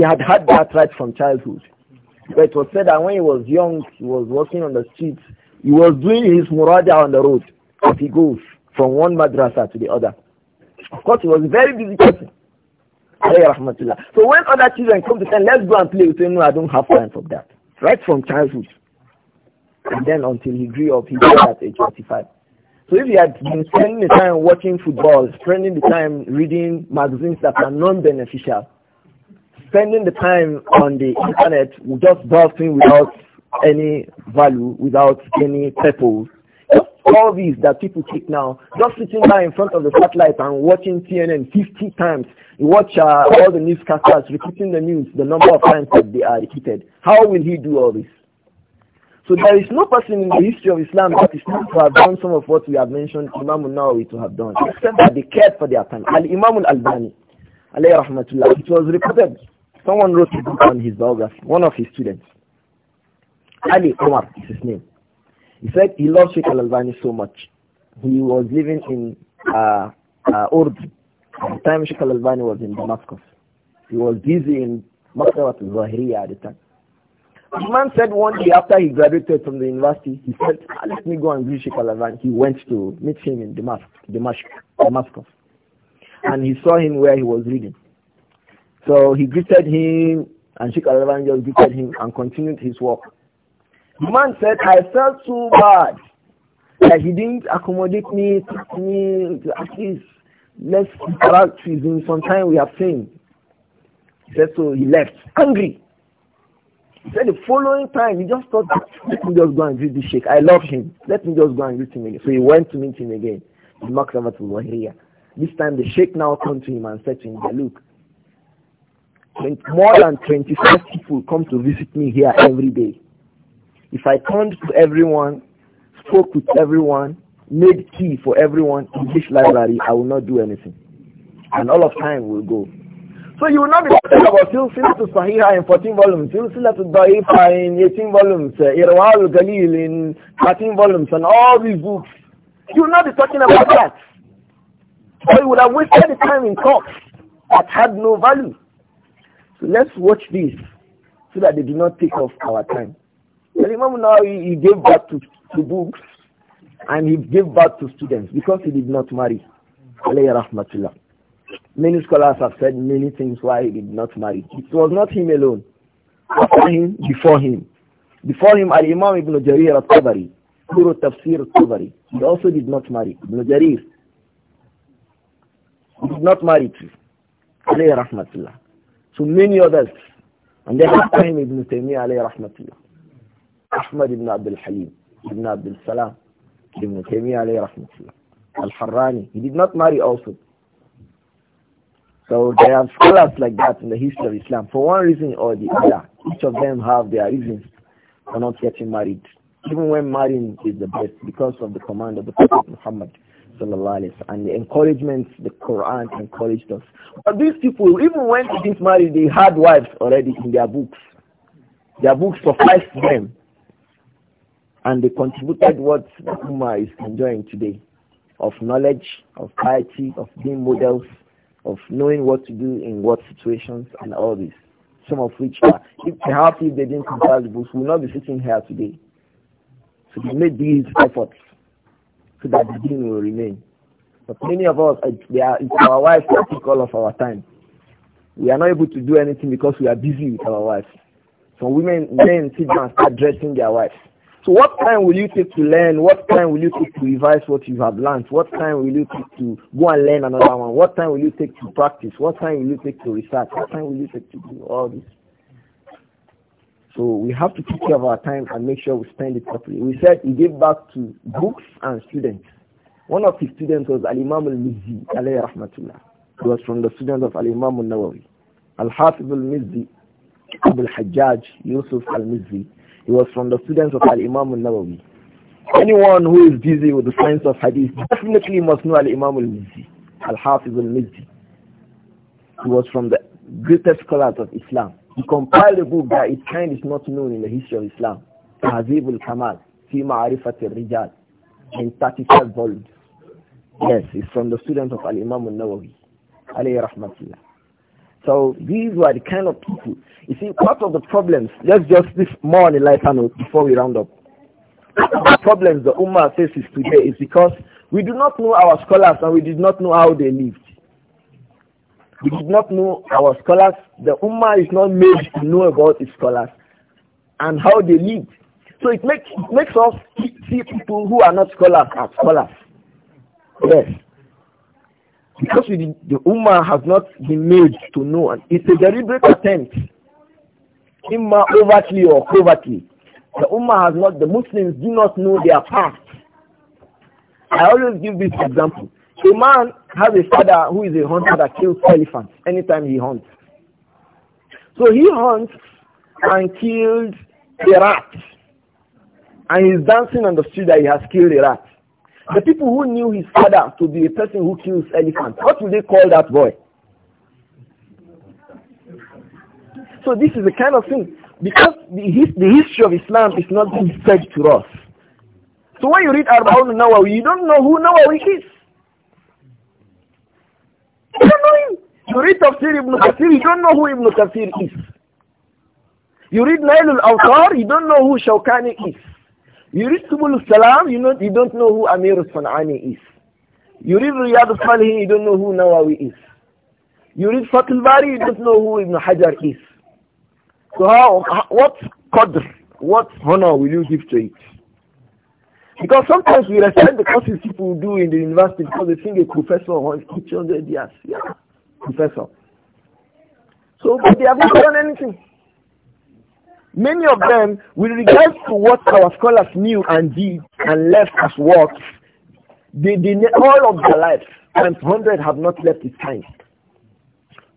had had that right from childhood. But it was said that when he was young, he was walking on the streets. He was doing his murada on the road as he goes from one madrasa to the other. Of course, he was a very busy person. So when other children come to say, let's go and play, you say, no, I don't have time for that right from childhood. And then until he grew up, he died at age 25. So if he had been spending the time watching football, spending the time reading magazines that are non-beneficial, spending the time on the internet just buffing without any value, without any purpose, all these that people take now, just sitting there in front of the satellite and watching CNN 50 times, watch uh, all the newscasters repeating the news the number of times that they are repeated. How will he do all this? So there is no person in the history of Islam that is known to have done some of what we have mentioned Imam al-Nawawi to have done, except that they cared for their time. Al-Imam al-Albani, alayhi rahmatullah, it was reported, someone wrote a book on his biography, one of his students. Ali Omar is his name. He said he loved Sheikh Al-Albani so much. He was living in uh, uh, Urdu at the time Sheikh Al-Albani was in Damascus. He was busy in Maktawat al-Zahiriya at the time. The man said one day after he graduated from the university, he said, ah, let me go and greet Sheikh Al-Albani. He went to meet him in Damascus, Damascus, Damascus. And he saw him where he was reading. So he greeted him and Sheikh Al-Albani just greeted him and continued his work. The man said, I felt so bad that he didn't accommodate me, took me, at least let's interact with him sometime we have seen. He said, so he left, angry. He said the following time, he just thought, let me just go and greet the sheikh. I love him. Let me just go and greet him again. So he went to meet him again. This time the sheikh now turned to him and said to him, look, more than 25 people come to visit me here every day. If I turned to everyone, spoke with everyone, made key for everyone in this library, I will not do anything. And all of time will go. So you will not be talking about Silsila to Sahira in 14 volumes, Silsila to Da'ifa in 18 volumes, uh, Irwa galil in 13 volumes, and all these books. You will not be talking about that. So you would have wasted the time in talks that had no value. So let's watch this so that they do not take off our time. The Imam now he, he gave birth to, to books and he gave birth to students because he did not marry. Rahmatullah. Many scholars have said many things why he did not marry. It was not him alone. After him, before him. Before him, Al-Imam Ibn Jarir al-Tabari, who wrote Tafsir al-Tabari, he also did not marry. Ibn Jarir. He did not marry too. Alayhi rahmatullah. So many others. And then after him, Ibn Taymiyyah alayhi rahmatullah. Ahmad ibn Abdul Halim, ibn Abdul Salam, ibn Taymiyyah alayhi al-Harrani. He did not marry also. So there are scholars like that in the history of Islam. For one reason or the other, each of them have their reasons for not getting married. Even when marrying is the best because of the command of the Prophet Muhammad and the encouragement the Quran encouraged us. But these people, even when they didn't marry, they had wives already in their books. Their books sufficed them and they contributed what the is enjoying today of knowledge, of piety, of being models, of knowing what to do in what situations and all this. Some of which are, if perhaps if they didn't compile the books, we would not be sitting here today. So they made these efforts so that the deen will remain. But many of us, they uh, are, it's our wives that take all of our time. We are not able to do anything because we are busy with our wives. Some women, men sit down and start dressing their wives. So what time will you take to learn? What time will you take to revise what you have learned? What time will you take to go and learn another one? What time will you take to practice? What time will you take to research? What time will you take to do all this? So we have to take care of our time and make sure we spend it properly. We said he gave back to books and students. One of his students was Al-Imam al-Mizzi, alayhi rahmatullah. He was from the students of Al-Imam al-Nawawi. Al-Hafiz al-Mizzi, hajjaj Yusuf al-Mizzi, he was from the students of Al-Imam al-Nawawi. Anyone who is busy with the science of hadith definitely must know Al-Imam al-Mizzi, Al-Hafiz al-Mizzi. He was from the greatest scholars of Islam. He compiled a book that its kind is not known in the history of Islam, Tahzib al-Kamal, Fi Ma'arifat al-Rijal, in 35 volumes. Yes, he's from the students of Al-Imam al-Nawawi, alayhi rahmatullah. So these were the kind of people. You see, part of the problems, let's just this more on the life note before we round up. The problems the Ummah faces today is because we do not know our scholars and we did not know how they lived. We did not know our scholars. The Ummah is not made to know about its scholars and how they lived. So it makes, it makes us see people who are not scholars as scholars. Yes. Because we, the Ummah has not been made to know. And it's a deliberate attempt, Imma overtly or covertly. The Ummah has not, the Muslims do not know their past. I always give this example. A man has a father who is a hunter that kills elephants anytime he hunts. So he hunts and kills a rat. And he's dancing on the street that he has killed a rat. The people who knew his father to be a person who kills elephants, what would they call that boy? So this is the kind of thing, because the, his, the history of Islam is not being said to us. So when you read Arbaun Nawawi, you don't know who Nawawi is. You don't know him. You read Tafsir Ibn Kathir, you don't know who Ibn Kathir is. You read Nailul Awtar, you don't know who Shawkani is. You read Subul Salam, you, know, you don't know who Amir Sanani is. You read Riyad al-Salihin, you don't know who Nawawi is. You read Fatul Bari, you don't know who Ibn Hajar is. So how, what qadr, what honor will you give to it? Because sometimes we respect the courses people do in the university because they think a professor wants 800 years. Yeah, professor. So, but they haven't done anything. Many of them, with regards to what our scholars knew and did and left as works, they, did all of their lives, and 100 have not left its time.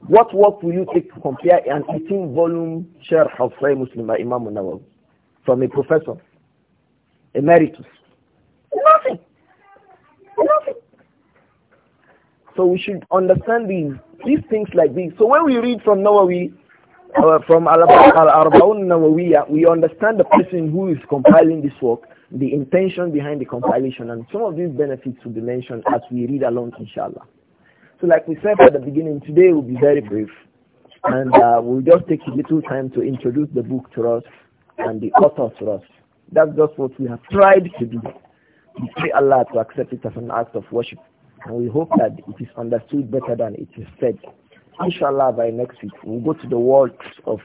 What work will you take to compare an 18-volume share of Sahih Muslim by Imam Nawawi from a professor, emeritus? Nothing. Nothing. So we should understand these, these things like this. So when we read from Nawawi, uh, from Al-Arba'un Nawawiya, we understand the person who is compiling this work, the intention behind the compilation, and some of these benefits will be mentioned as we read along, inshallah. So like we said at the beginning, today will be very brief, and uh, we'll just take a little time to introduce the book to us and the author to us. That's just what we have tried to do. We pray Allah to accept it as an act of worship, and we hope that it is understood better than it is said. Inshallah, by next week, we'll go to the words of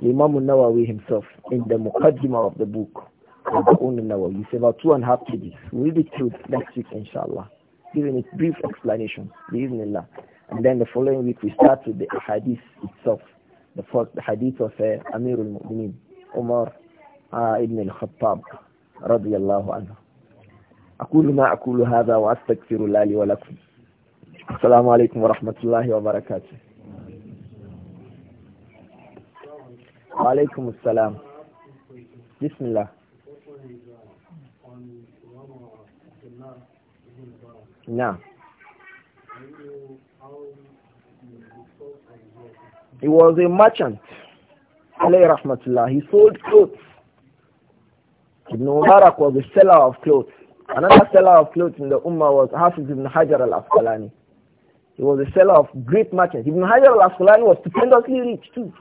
Imam Nawawi himself in the Muqaddimah of the book of the Nawawi. It's about two and a half pages. We'll read it through next week, inshallah, giving it brief explanation, bi'idhnillah. And then the following week, we start with the hadith itself, the, first, the hadith of uh, Amir al-Mu'mineen, Umar uh, ibn al-Khattab, radiyallahu anhu. أقول ما أقول هذا وأستغفر الله لي ولكم السلام عليكم ورحمة الله وبركاته Walaikum assalam. Bismillah. Now. He was a merchant. Alayhi rahmatullah. He sold clothes. Ibn Mubarak was a seller of clothes. Another seller of clothes in the Ummah was Hafiz ibn Hajar al-Asqalani. He was a seller of great merchants. Ibn Hajar al-Asqalani was stupendously rich too.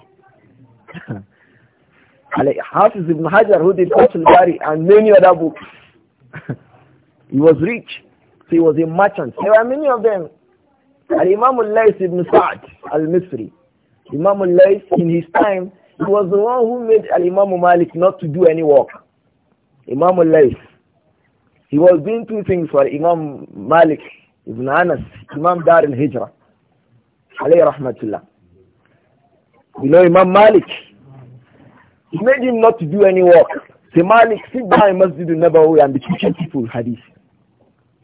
Hafiz ibn Hajar who did Fatul Bari and many other books. he was rich. So he was a merchant. There were many of them. And Imam al-Lays ibn Sa'd al-Misri. Imam al-Lays in his time, he was the one who made al-Imam Malik not to do any work. Imam al-Lays. He was doing two things for Imam Malik ibn Anas, Imam Dar al-Hijra. Alayhi rahmatullah. You know Imam Malik. He made him not to do any work. Say Malik, sit down in Masjid al-Nabawi and be teaching people hadith.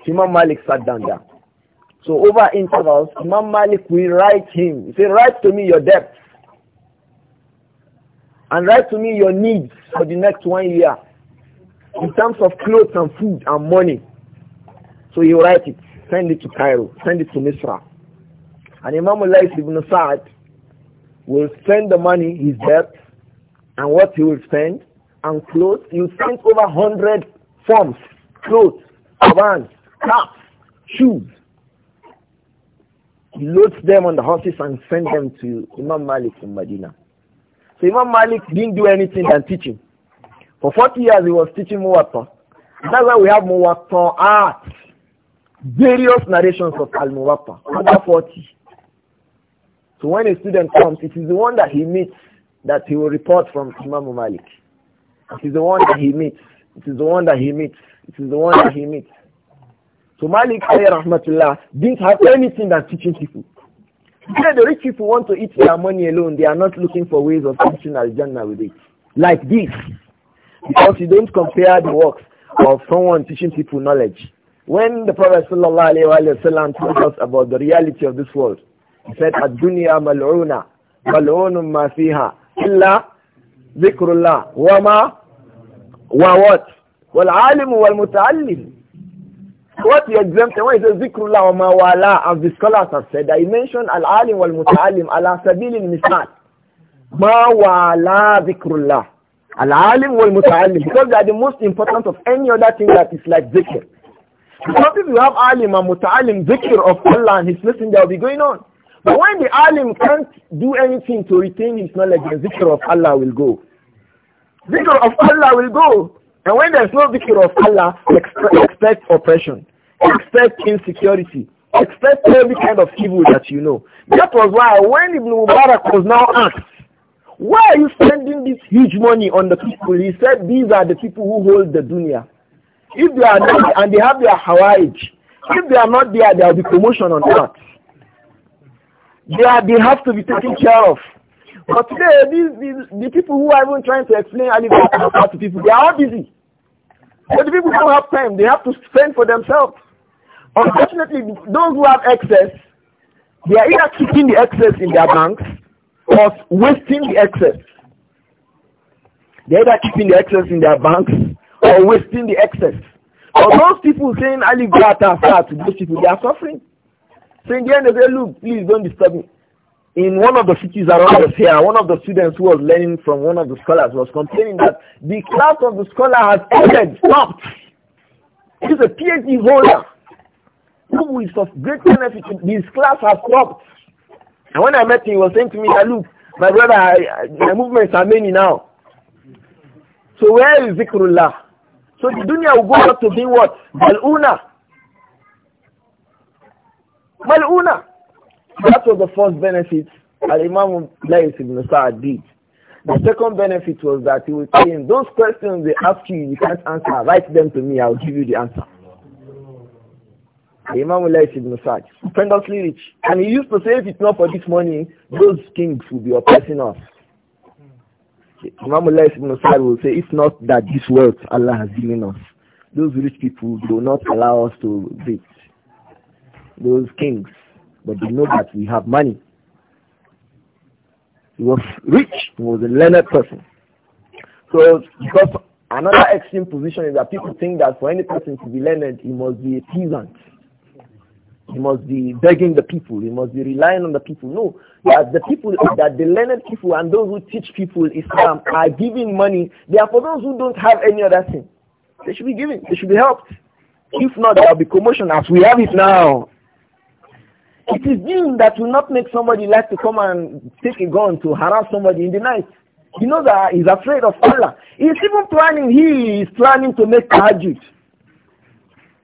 Imam Malik sat down there. So over intervals, Imam Malik will write him. He said, write to me your debts. And write to me your needs for the next one year. In terms of clothes and food and money. So he write it. Send it to Cairo. Send it to Misra. And Imam Malik is ibn Sa'ad, will spend the money, he's debt, and what he will spend, and clothes. You spend over 100 forms, clothes, vans, caps, shoes. He loads them on the horses and sends them to Imam Malik in Medina. So Imam Malik didn't do anything than teaching. For 40 years he was teaching Muwatta. That's why we have Muwatta art. Various narrations of Al-Muwatta, under 40. So when a student comes, it is the one that he meets that he will report from Imam Malik. It is the one that he meets. It is the one that he meets. It is the one that he meets. So Malik rahmatullah didn't have anything that teaching people. He the rich people want to eat their money alone. They are not looking for ways of teaching Al-Jannah with it. Like this. Because you don't compare the works of someone teaching people knowledge. When the Prophet ﷺ told us about the reality of this world, he said, Ad-dunya mal'una, mal'unum ma fiha, illa zikrullah, wa wa what? Wal alimu wal muta'allim. What he exempted when he says zikrullah wama wala, as the scholars have said, I mentioned al-alim wal muta'allim ala sabilin misal. Ma wala zikrullah. Al-alim wal muta'alim, Because they are the most important of any other thing that is like zikr. Because if you have alim and muta'alim zikr of Allah and his messenger will be going on. But when the alim can't do anything to retain his knowledge, the zikr of Allah will go. Zikr of Allah will go. And when there's no zikr of Allah, expect oppression, expect insecurity, expect every kind of evil that you know. That was why when Ibn Mubarak was now asked, why are you spending this huge money on the people? He said, these are the people who hold the dunya. If they are not, and they have their hawaij, if they are not there, there will be promotion on earth. They, are, they have to be taken care of. But today, these, these, the people who are even trying to explain Alibaba to people, they are all busy. But the people don't have time. They have to spend for themselves. Unfortunately, those who have excess, they are either keeping the excess in their banks or wasting the excess. They are either keeping the excess in their banks or wasting the excess. Or those people saying Ali to those people, they are suffering. So in the end, they say, look, please don't disturb me. In one of the cities around us here, one of the students who was learning from one of the scholars was complaining that the class of the scholar has ended, stopped. He's a PhD holder who is of great benefit. His class has stopped. And when I met him, he was saying to me, look, my brother, I, I, my movements are many now. So where is Zikrullah? So the dunya will go back to being what? Al-Una. Mal'una. That was the first benefit Al-Imam Lais ibn Sa'ad did. The second benefit was that he was saying, those questions they ask you, you can't answer. Write them to me, I'll give you the answer. The Imam Lais ibn Sa'ad, stupendously rich. And he used to say, if it's not for this money, those kings will be oppressing us. Imam Lais ibn will say, it's not that this wealth Allah has given us. Those rich people do not allow us to be." those kings, but they know that we have money. He was rich, he was a learned person. So because another extreme position is that people think that for any person to be learned, he must be a peasant. He must be begging the people. He must be relying on the people. No, that the people, that the learned people and those who teach people Islam are giving money. They are for those who don't have any other thing. They should be given. They should be helped. If not, there will be commotion as we have it now. It is deen that will not make somebody like to come and take a gun to harass somebody in the night. He knows that he's afraid of Allah. He's even planning, he is planning to make tahajjud.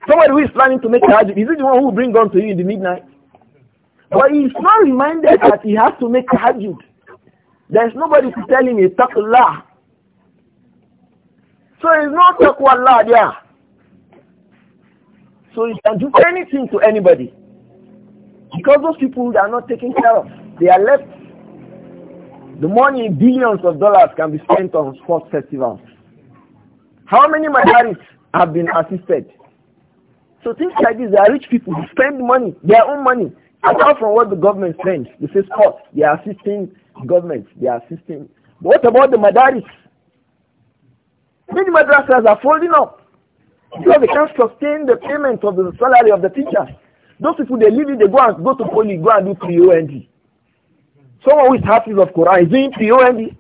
Somebody who is planning to make tahajjud, is it the one who will bring gun to you in the midnight? But he is not reminded that he has to make tahajjud. There is nobody to tell him, Allah. So is not taqwa Allah So he can do anything to anybody. Because those people are not taken care of. They are left. The money, billions of dollars can be spent on sports festivals. How many madaris have been assisted? So things like this, there are rich people who spend money, their own money, apart from what the government spends. They say sports, They are assisting governments, They are assisting. But what about the madaris? Many madrasas are folding up because they can't sustain the payment of the salary of the teachers. Those people, they leave it, they go and go to poly. go and do P-O-N-D. Someone who is happy of Quran is doing P-O-N-D.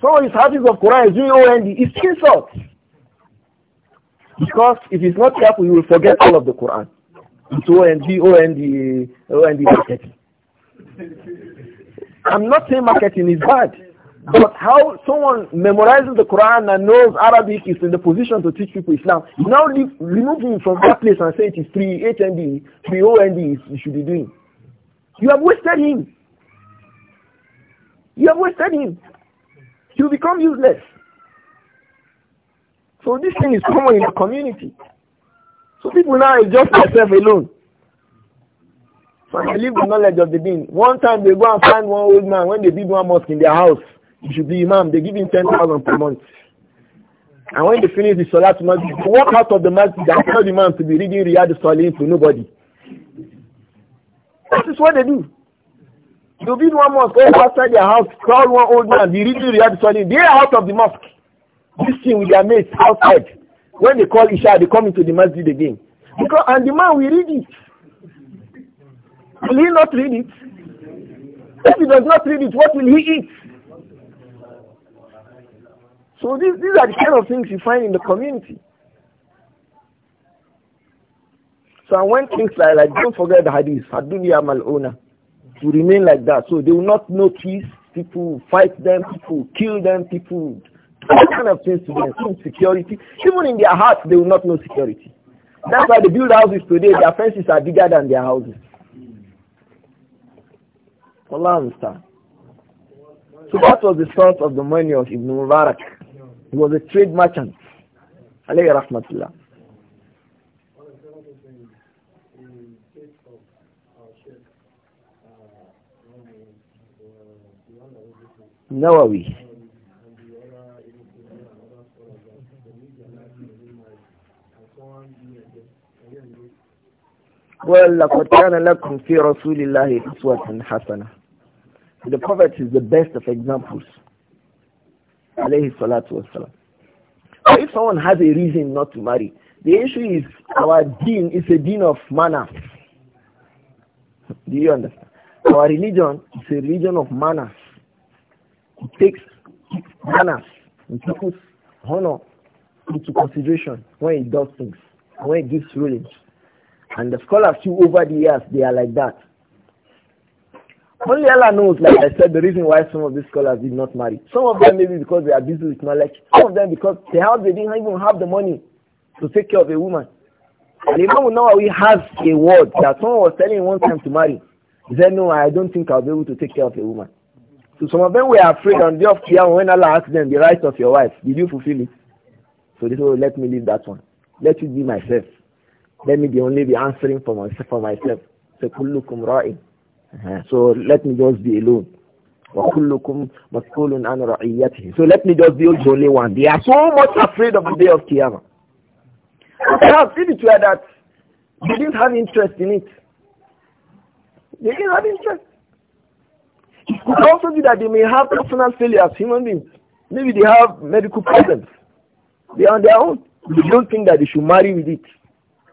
Someone who is happy of Quran is doing O-N-D. It's insult. Because if it's not careful, you will forget all of the Quran. It's O-N-D, O-N-D, O-N-D marketing. I'm not saying marketing is bad. But how someone memorizes the Quran and knows Arabic is in the position to teach people Islam, you now leave, remove him from that place and say it is 3 HND, 3 OND you should be doing. You have wasted him. You have wasted him. He will become useless. So this thing is common in the community. So people now is just themselves alone. So I believe the knowledge of the being. One time they go and find one old man when they build one mosque in their house. You should be imam. They give him 10,000 per month. And when they finish the Salat Masjid, they walk out of the Masjid and tell the man to be reading Riyadh Salah to nobody. That is what they do. They build one mosque, go oh, outside their house, call one old man, be reading Riyadh Salah. They are out of the mosque. This thing with their mates outside. When they call Isha, they come into the Masjid again. Because, and the man will read it. Will he not read it? If he does not read it, what will he eat? So these, these are the kind of things you find in the community. So I when things like, like don't forget the hadith, Hadunya Mal'una, to remain like that. So they will not notice people fight them, people kill them, people all kind of things to them, security. Even in their hearts, they will not know security. That's why they build houses today, their fences are bigger than their houses. Allah understand. So that was the source of the money of Ibn Mubarak he was a trade merchant. Alayhi rahmatullah. Nawawi. Well, لَقَدْ كَانَ لَكُمْ فِي رَسُولِ اللَّهِ أُسْوَةٌ حَسَنَةٌ The Prophet is the best of examples alayhi salatu wasalam. If someone has a reason not to marry, the issue is our deen is a deen of manner. Do you understand? Our religion is a religion of manners. It takes manners and people's honor into consideration when it does things, when it gives rulings. And the scholars too over the years, they are like that. Only Allah knows, like I said, the reason why some of these scholars did not marry. Some of them maybe because they are busy with knowledge. Some of them because perhaps they didn't even have the money to take care of a woman. And Imam we have a word that someone was telling one time to marry. He said, no, I don't think I'll be able to take care of a woman. So some of them were afraid on the off of when Allah asked them, the rights of your wife, did you fulfill it? So they said, oh, let me leave that one. Let it be myself. Let me be only be answering for myself. For myself. So, uh-huh. So let me just be alone. وَكُلُّكُمْ عَنْ رَعِيَّتِهِ So let me just be the only one. They are so much afraid of the day of Qiyamah. Perhaps if it were that they didn't have interest in it, they didn't have interest. It could also be that they may have personal failures, human beings. Maybe they have medical problems. They are on their own. They don't think that they should marry with it.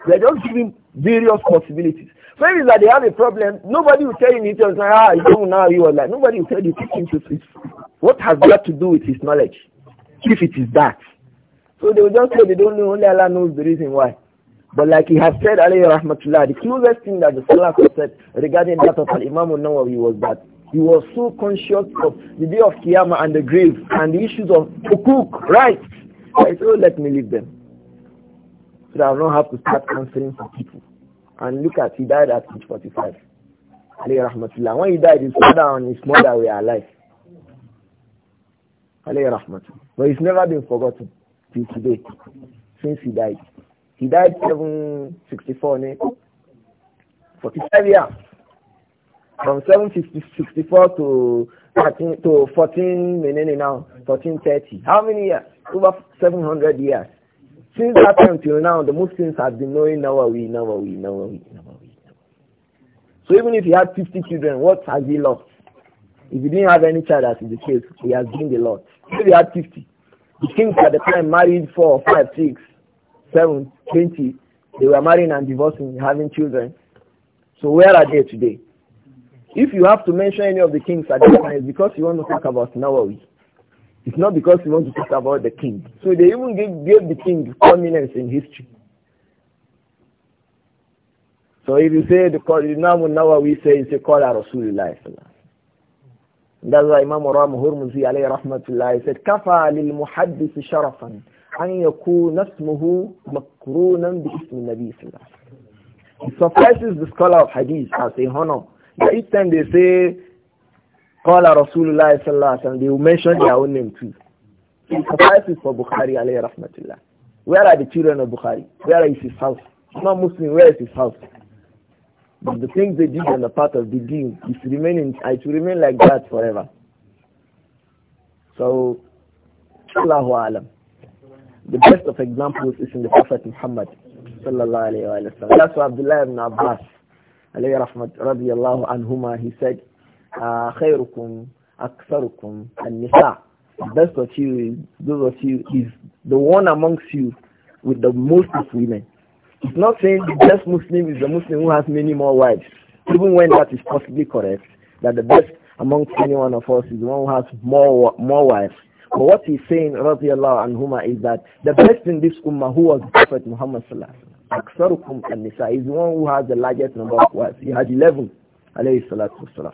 They are just giving various possibilities. Maybe that they have a problem. Nobody will tell him it was like, ah, you now you are like. Nobody will tell you teaching to it. What has that to do with his knowledge? If it is that. So they will just say they don't know, only Allah knows the reason why. But like he has said, alayhi rahmatullah, the closest thing that the Salaf said regarding that of Imam nawawi was that he was so conscious of the day of Qiyamah and the grave and the issues of hukuk, rights. I said, oh, let me leave them. So that I don't have to start answering for people. And look at, he died at age 45. Alayhi rahmatullah. When he died, his father and his mother were alive. Alayhi rahmatullah. But he's never been forgotten till today, since he died. He died 764, 45 years. From 764 to fourteen to 14, now, 1430. How many years? Over 700 years. Since that time till now, the Muslims have been knowing we we Nawawi, we Nawawi, we. So even if he had 50 children, what has he lost? If he didn't have any child, as is the case, he has gained a lot. If he had 50, the kings at the time married 4, 5, 6, 7, 20. They were marrying and divorcing, having children. So where are they today? If you have to mention any of the kings at that time, it's because you want to talk about Nawawi. It's not because we want to talk about the king. So they even gave, gave the king prominence in history. So if you say the Imam Nawawi says it's a call Rasulullah That's why Imam Ram Hurmuzi alayhi rahmatullah said, Kafa lil muhaddis sharafan an yakuna ismuhu makrunan bi ismi nabi sallallahu It suffices the scholar of hadith as a honor. Each time they say Qala Rasulullah sallallahu alaihi They will mention their own name too. Suffices for Bukhari alayhi rahmatullah. Where are the children of Bukhari? Where is his house? Not Muslim, where is his house? But the things they did on the part of the deen is remaining, it will remain like that forever. So, Allahu alam. The best of examples is in the Prophet Muhammad sallallahu alayhi wa sallam. That's why Abdullah ibn Abbas alayhi rahmat radiyallahu he said, uh, khairukum aksarukum an-nisa. The best of you, those of you, is the one amongst you with the most of women. It's not saying the best Muslim is the Muslim who has many more wives, even when that is possibly correct, that the best amongst any one of us is the one who has more, more wives. But what he's saying, radiallahu anhuma, is that the best in this ummah who was Prophet Muhammad sallallahu aksarukum an-nisa is the one who has the largest number of wives. He had 11, alayhi salatu wasalam.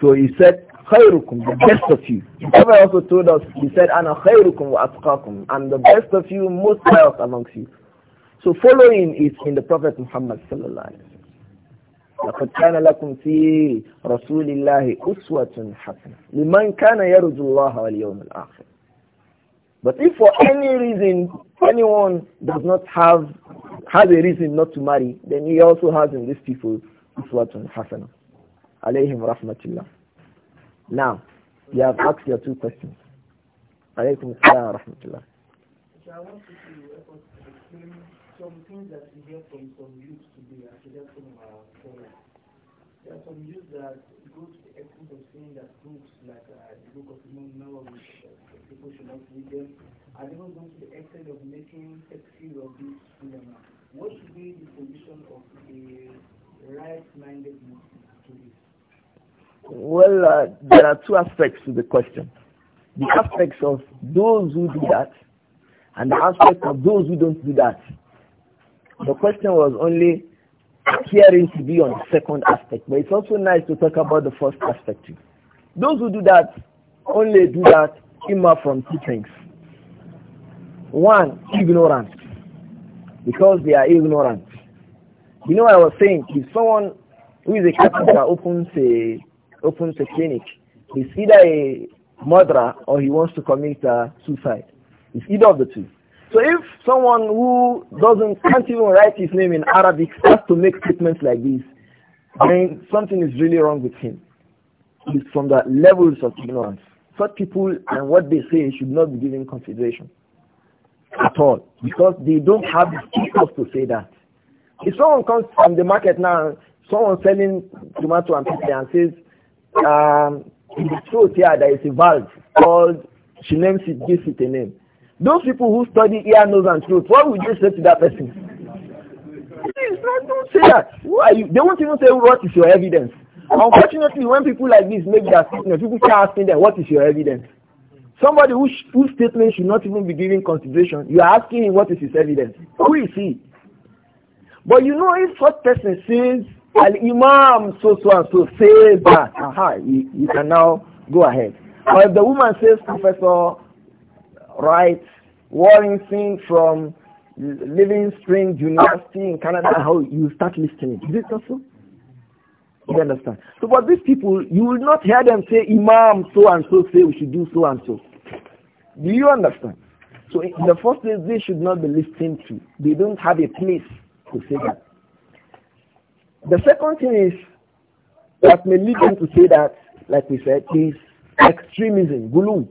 So he said, خيركم, the best of you. Prophet also told us, he said, أنا خيركم wa I'm the best of you, most pious amongst you. So following is in the Prophet Muhammad الله عليه وسلم. لقد كان لكم في رسول الله أسوة حسنة لمن كان يرجو الله واليوم الآخر But if for any reason anyone does not have has a reason not to marry, then he also has in these people Uswatun Hasana. Alayhim rahmatullah. Now, you have asked your two questions. Alaykum assalam rahmatullah. I want to explain some things that we hear from some today, actually from our uh, forum. There are some youths that go to the extent of saying that books like uh, the book of Imam uh, people should not read them, and even go to the extent of making takfir of this What should be the position of a right-minded Muslim to this? Well, uh, there are two aspects to the question. The aspects of those who do that and the aspect of those who don't do that. The question was only appearing to be on the second aspect, but it's also nice to talk about the first aspect too. Those who do that only do that immer from two things. One, ignorance, because they are ignorant. You know, what I was saying if someone who is a carpenter opens a opens a clinic, he's either a murderer or he wants to commit uh, suicide. It's either of the two. So if someone who doesn't can't even write his name in Arabic starts to make statements like this, then something is really wrong with him. It's from the levels of ignorance. Such people and what they say should not be given consideration at all because they don't have the skills to say that. If someone comes from the market now, someone selling tomato and pepper and says, um, in the truth here, that is a valve called, she names it, gives it a name. Those people who study ear, nose, and throat, what would you say to that person? Please, don't say that. Who are you? They won't even say, what is your evidence? Unfortunately, when people like this make their statement, people start asking them, what is your evidence? Somebody whose, whose statement should not even be given consideration, you are asking him what is his evidence. Who is he? But you know, if such person says Al Imam so so and so say that. Aha, you, you can now go ahead. But if the woman says, Professor right, warning thing from Living Spring University in Canada, how you start listening. Is it also? You understand? So, but these people, you will not hear them say, Imam so and so say we should do so and so. Do you understand? So, in the first place, they should not be listening to. They don't have a place to say that. The second thing is that may lead them to say that, like we said, is extremism, gulu.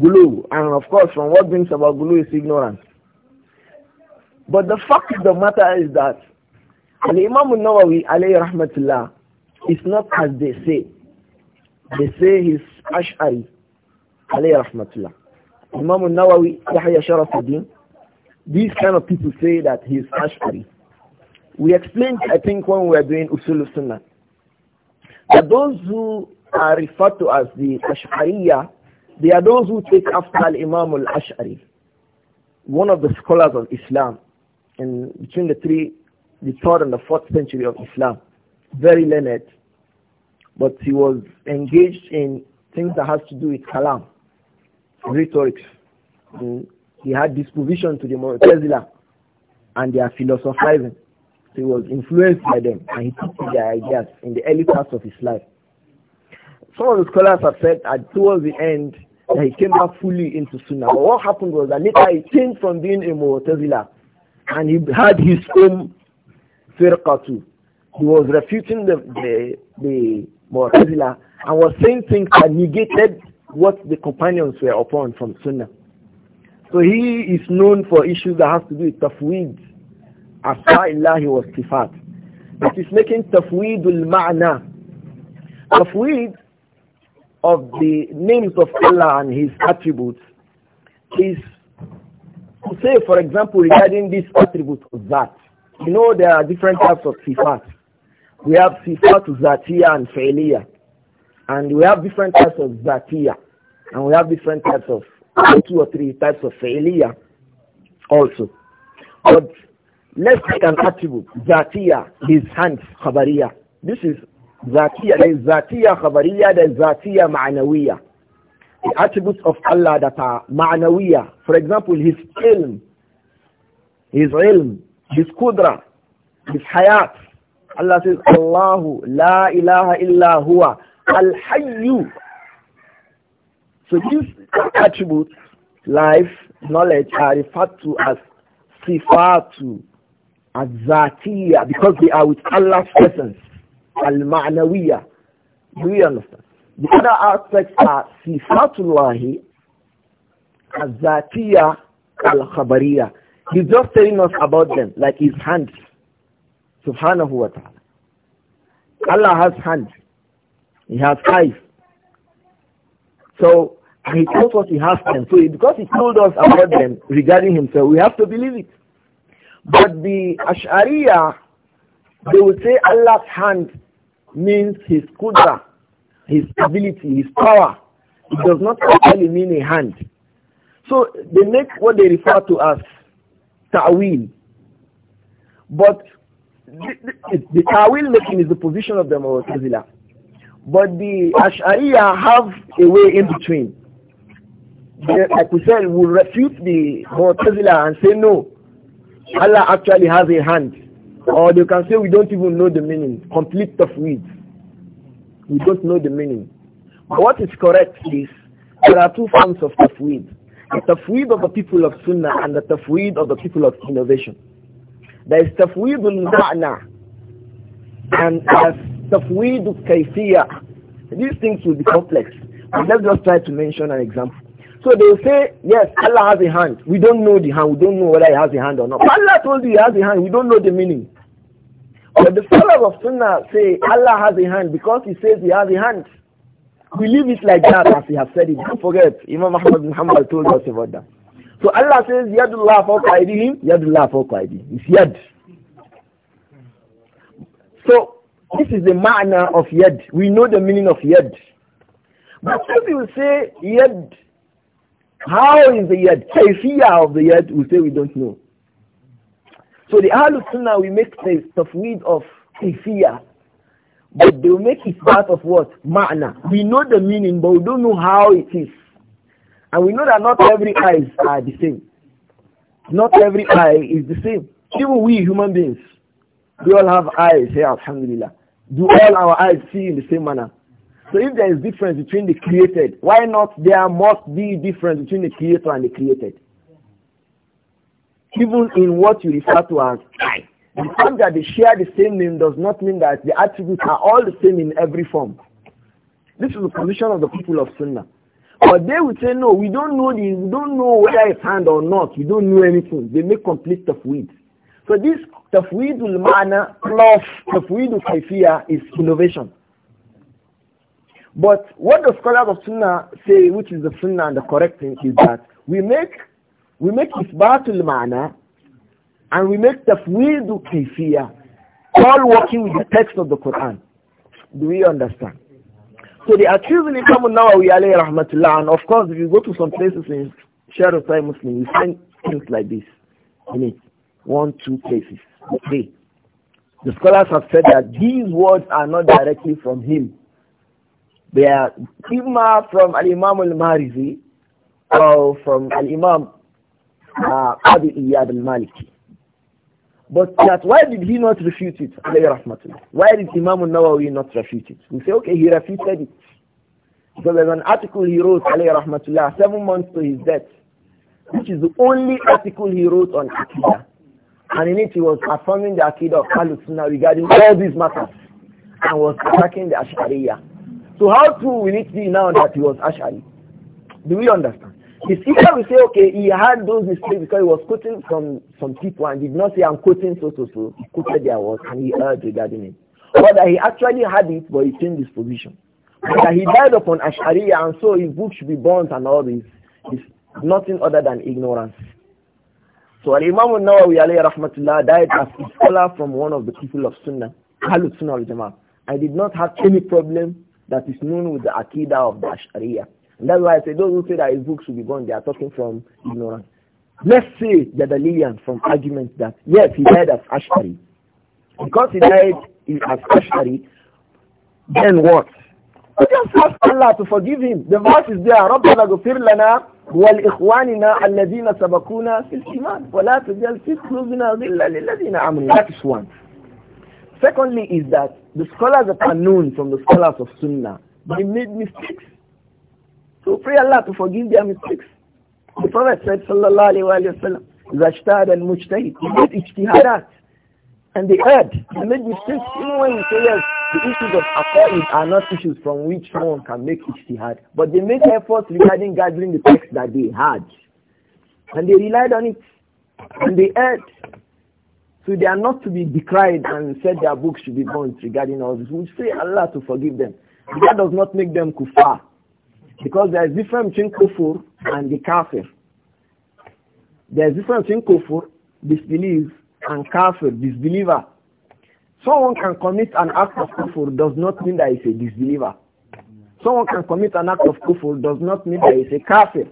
Gulu. And of course, from what brings about gulu is ignorance. But the fact of the matter is that Al-Imam nawawi alayhi rahmatullah, is not as they say. They say he's Ash'ari, alayhi rahmatullah. Imam nawawi Yahya Sharafuddin, these kind of people say that he's Ash'ari. We explained, I think, when we were doing Usul Sunnah, that those who are referred to as the Ash'ariyah, they are those who take after Al-Imam Al-Ash'ari, one of the scholars of Islam, in between the three, the third and the fourth century of Islam. Very learned, but he was engaged in things that has to do with kalam, rhetorics. And he had disposition to the Mu'tazila and their philosophizing. So he was influenced by them and he took their ideas in the early parts of his life. Some of the scholars have said that towards the end that he came back fully into Sunnah. But what happened was that later he changed from being a Mu'tazila and he had his own firqa too. He was refuting the, the, the Mu'tazila and was saying things that negated what the companions were upon from Sunnah. So he is known for issues that have to do with tafweed, Asa'illahi wa sifat. It is making tafweedul ma'na. Tafweed of the names of Allah and His attributes is to say, for example, regarding this attribute of that. You know there are different types of sifat. We have sifat zatiya and failure. And we have different types of zatiya. And we have different types of two or three types of failure also. But Let's take an attribute, Zatiya, his hands, Khabariya. This is Zatiya, there is Zatiya Khabariya, there is Zatiya Ma'anawiya. The attributes of Allah that are Ma'anawiya. For example, his ilm, his ilm, his kudra, his hayat. Allah says, Allahu, la ilaha illa huwa, al-hayyu. So these attributes, life, knowledge, are referred to as sifatu Azatiya, because they are with Allah's presence. Al-Ma'nawiyah. Do you understand? The other aspects are Sifatullahi, Azatiya, al khabariya He's just telling us about them, like his hands. Subhanahu wa ta'ala. Allah has hands. He has eyes. So, he told us he has them. So, because he told us about them regarding himself, we have to believe it. But the Ash'ariya, they will say Allah's hand means his kudra, his ability, his power. It does not actually mean a hand. So they make what they refer to as ta'wil. But the, the, the ta'wil making is the position of the Mu'tazila. But the Ash'ariya have a way in between. They, like we said, will refute the Mu'tazila and say no, Allah actually has a hand. Or they can say we don't even know the meaning. Complete tafweed. We don't know the meaning. But what is correct is there are two forms of tafweed. The tafweed of the people of Sunnah and the tafweed of the people of innovation. There is tafweed al-ma'na and there is tafweed al-kayfiyya. These things will be complex. But let's just try to mention an example. So they say, yes, Allah has a hand. We don't know the hand. We don't know whether he has a hand or not. Allah told you he has a hand. We don't know the meaning. But the followers of Sunnah say Allah has a hand because he says he has a hand. Believe it like that as he has said it. Don't forget, Imam Muhammad bin told us about that. So Allah says, Yadullah fawqa aydihim, Yadullah fawqa aydihim. It's Yad. So this is the manner of Yad. We know the meaning of Yad. But if you say Yad how is the yet? Kayfiyah of the yet, we say we don't know. So the Ahlul Sunnah, we make the tafweed of kayfiyah. But they make it part of what? Ma'na. We know the meaning, but we don't know how it is. And we know that not every eyes are the same. Not every eye is the same. Even we human beings, we all have eyes here, alhamdulillah. Do all our eyes see in the same manner? So if there is difference between the created, why not there must be difference between the creator and the created? Even in what you refer to as I. The fact that they share the same name does not mean that the attributes are all the same in every form. This is the position of the people of Sunnah. But they will say, no, we don't know the, we don't know whether it's hand or not. We don't know anything. They make complete tafweed. So this tafweedul mana plus tafweedul kaifiya is innovation. But what the scholars of Sunnah say, which is the Sunnah and the correct thing, is that we make we make isbatul ma'na and we make tafwidu kayfiyah, all working with the text of the Quran. Do we understand? So they accuse Imam Nawawi alayhi rahmatullah, and of course if you go to some places in Share Time Muslim, you find things like this in it. One, two places. Three. The scholars have said that these words are not directly from him. They are i from Al-Imam Al-Marizi or from Al-Imam uh, Abi Iyad Al-Maliki. But that why did he not refute it? Why did Imam Nawawi not refute it? We say, okay, he refuted it. Because there's an article he wrote, rahmatullah, seven months to his death, which is the only article he wrote on Aqidah. And in it he was affirming the Aqidah of Ahlul Sunnah regarding all these matters and was attacking the Ash'ariyah. So how true will it be now that he was Ash'ari? Do we understand? It's either we say, okay, he had those mistakes because he was quoting from some people and did not say, I'm quoting so, so, so. He quoted their words and he heard regarding it. Or that he actually had it, but he changed his position. That he died upon Ash'ariya and so his book should be burnt and all this is nothing other than ignorance. So Al-Imam al-Nawawi alayhi rahmatullah died as a scholar from one of the people of Sunnah, Khalid Sunnah al-Jama'ah. I did not have any problem that is known with the akida of the Sharia. And that's why I say those who say that his book should be gone, they are talking from ignorance. Let's say the Dalian from argument that, yes, he died as Ashari. Because he died as Ashari, then what? We just ask Allah to forgive him. The verse is there. رَبَّنَا غَفِرْ لَنَا وَلِإِخْوَانِنَا الَّذِينَ سَبَقُونَا فِي الْإِيمَانِ وَلَا تَجَلْ فِي قُلُوبِنَا غِلًّا لِلَّذِينَ آمَنُوا That is one. Secondly is that the scholars that are known from the scholars of Sunnah, they made mistakes. So pray Allah to forgive their mistakes. The Prophet said, sallallahu alayhi wa sallam, Zashtad al-Mujtahid, he made ijtihadat. And they heard, they made mistakes. Even when we say yes, the issues of aqa'id are not issues from which one can make ijtihad. But they made efforts regarding gathering the text that they had. And they relied on it. And they heard, so they are not to be decried and said their books should be burnt regarding us. We say Allah to forgive them. That does not make them kuffar. Because there is difference between kufur and the kafir. There is difference between kufur, disbelief, and kafir, disbeliever. Someone can commit an act of kufur does not mean that he's a disbeliever. Someone can commit an act of kufur does not mean that he's a kafir.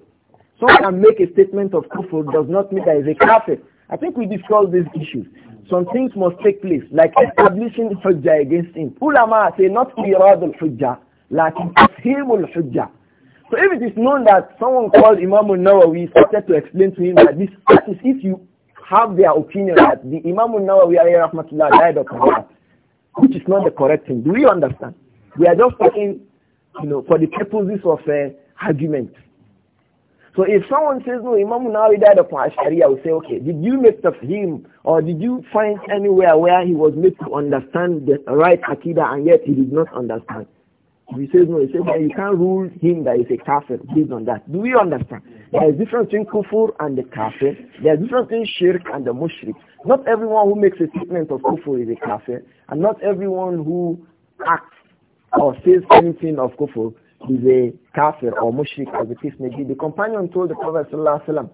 Someone can make a statement of kufur does not mean that he's a kafir. I think we discussed these issues. Some things must take place, like establishing hujjah against him. Ulama say not irad al-hujjah, like tafhim al-hujjah. So if it is known that someone called Imam al-Nawawi started to explain to him that this, that is if you have their opinion that the Imam al-Nawawi alayhi rahmatullah died upon that, which is not the correct thing. Do you understand? We are just talking, you know, for the purposes of uh, argument. So if someone says, no, Imam Nawawi died upon Ashari, I will say, okay, did you make him, or did you find anywhere where he was made to understand the right Akida and yet he did not understand? he says no, he says, well, you can't rule him that he's a kafir based on that. Do we understand? There is difference between kufur and the kafir. There is difference between shirk and the mushrik. Not everyone who makes a statement of kufur is a kafir, and not everyone who acts or says anything of kufur he's a kafir or mushrik as the case may be, the companion told the Prophet ﷺ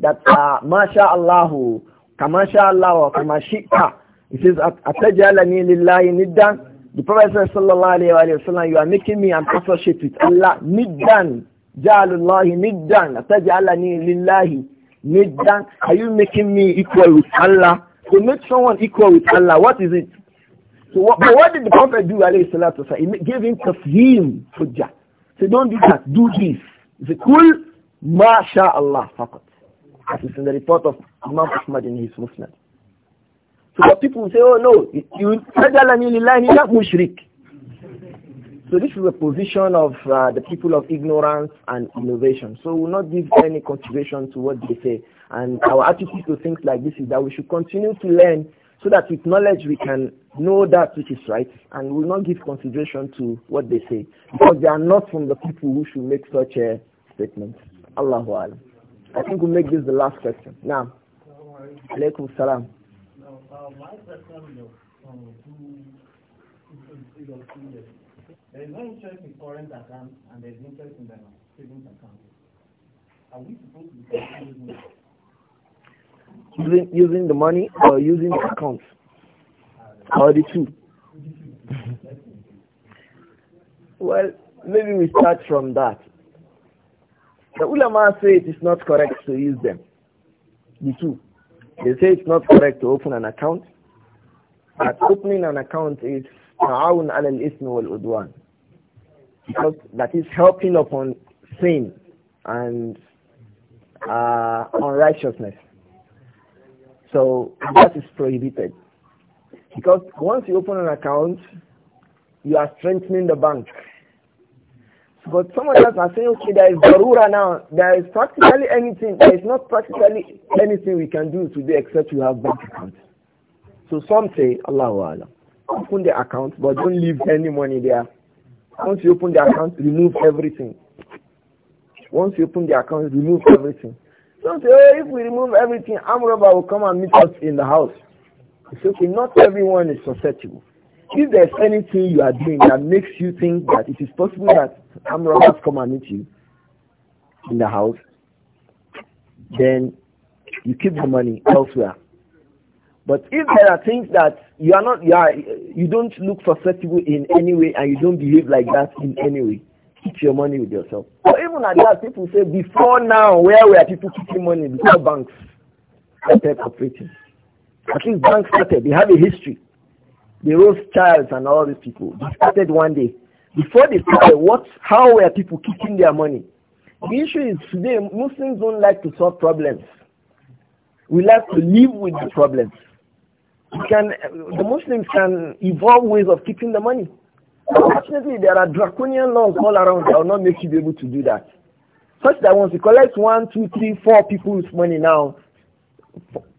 that uh, Masha Allahu, Kamasha Allahu, Kamashika. He says, Atajalani lillahi niddan. The Prophet says, Sallallahu Alaihi Wasallam, you are making me an associate with Allah, niddan. Ja'alullahi niddan. Atajalani lillahi niddan. Are you making me equal with Allah? To make someone equal with Allah, what is it? So what, but what did the Prophet do, alayhi salatu He gave him tafheem, hujjah. So don't do that, do this. The kul masha'Allah faqat. As is in the report of Imam Ahmad in his Musnad. So what people will say, oh no, you tajalani lillahi not mushrik. So this is a position of uh, the people of ignorance and innovation. So we will not give any consideration to what they say. And our attitude to things like this is that we should continue to learn so that with knowledge we can know that which is right and will not give consideration to what they say. Because they are not from the people who should make such a statement. Allahu Alam. I think we'll make this the last question. Now. Alaykum Salam. there is no interest in foreign accounts and there is interest in the savings account. Are we supposed to be Using, using the money or using the Are Or the two? well, maybe we start from that. The ulama say it is not correct to use them. The two. They say it's not correct to open an account. But opening an account is ta'awun al ism wal udwan. Because that is helping upon sin and uh, unrighteousness. So that is prohibited. Because once you open an account, you are strengthening the bank. But some of us are saying, okay, there is Barura now. There is practically anything. There is not practically anything we can do today except you have bank accounts. So some say, Allahu Allah, open the account, but don't leave any money there. Once you open the account, remove everything. Once you open the account, remove everything. Don't say, oh, if we remove everything, Amraba will come and meet us in the house. It's okay. Not everyone is susceptible. If there's anything you are doing that makes you think that it is possible that Amraba will come and meet you in the house, then you keep the money elsewhere. But if there are things that you are not, you, are, you don't look susceptible in any way and you don't behave like that in any way, keep your money with yourself. Or even at that, people say, before now, where were people keeping money? Before banks started operating. At least banks started. They have a history. The Rothschilds and all these people, they started one day. Before they started, what, how were people keeping their money? The issue is today, Muslims don't like to solve problems. We like to live with the problems. can, the Muslims can evolve ways of keeping the money. Unfortunately, there are draconian laws all around that will not make you be able to do that. Such that once you collect one, two, three, four people's money now,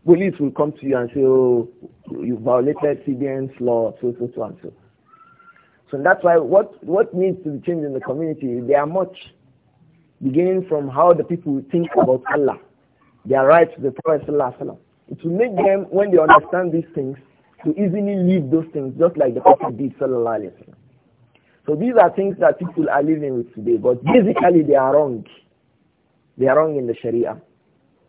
police will come to you and say, oh, you violated CBN's law, so, so, so, and so. So that's why what, what needs to be changed in the community, there are much, beginning from how the people think about Allah, their rights to the Prophet Allah. It will make them, when they understand these things, to easily leave those things, just like the Prophet did Sallallahu Alaihi Wasallam. So these are things that people are living with today, but basically they are wrong. They are wrong in the Sharia.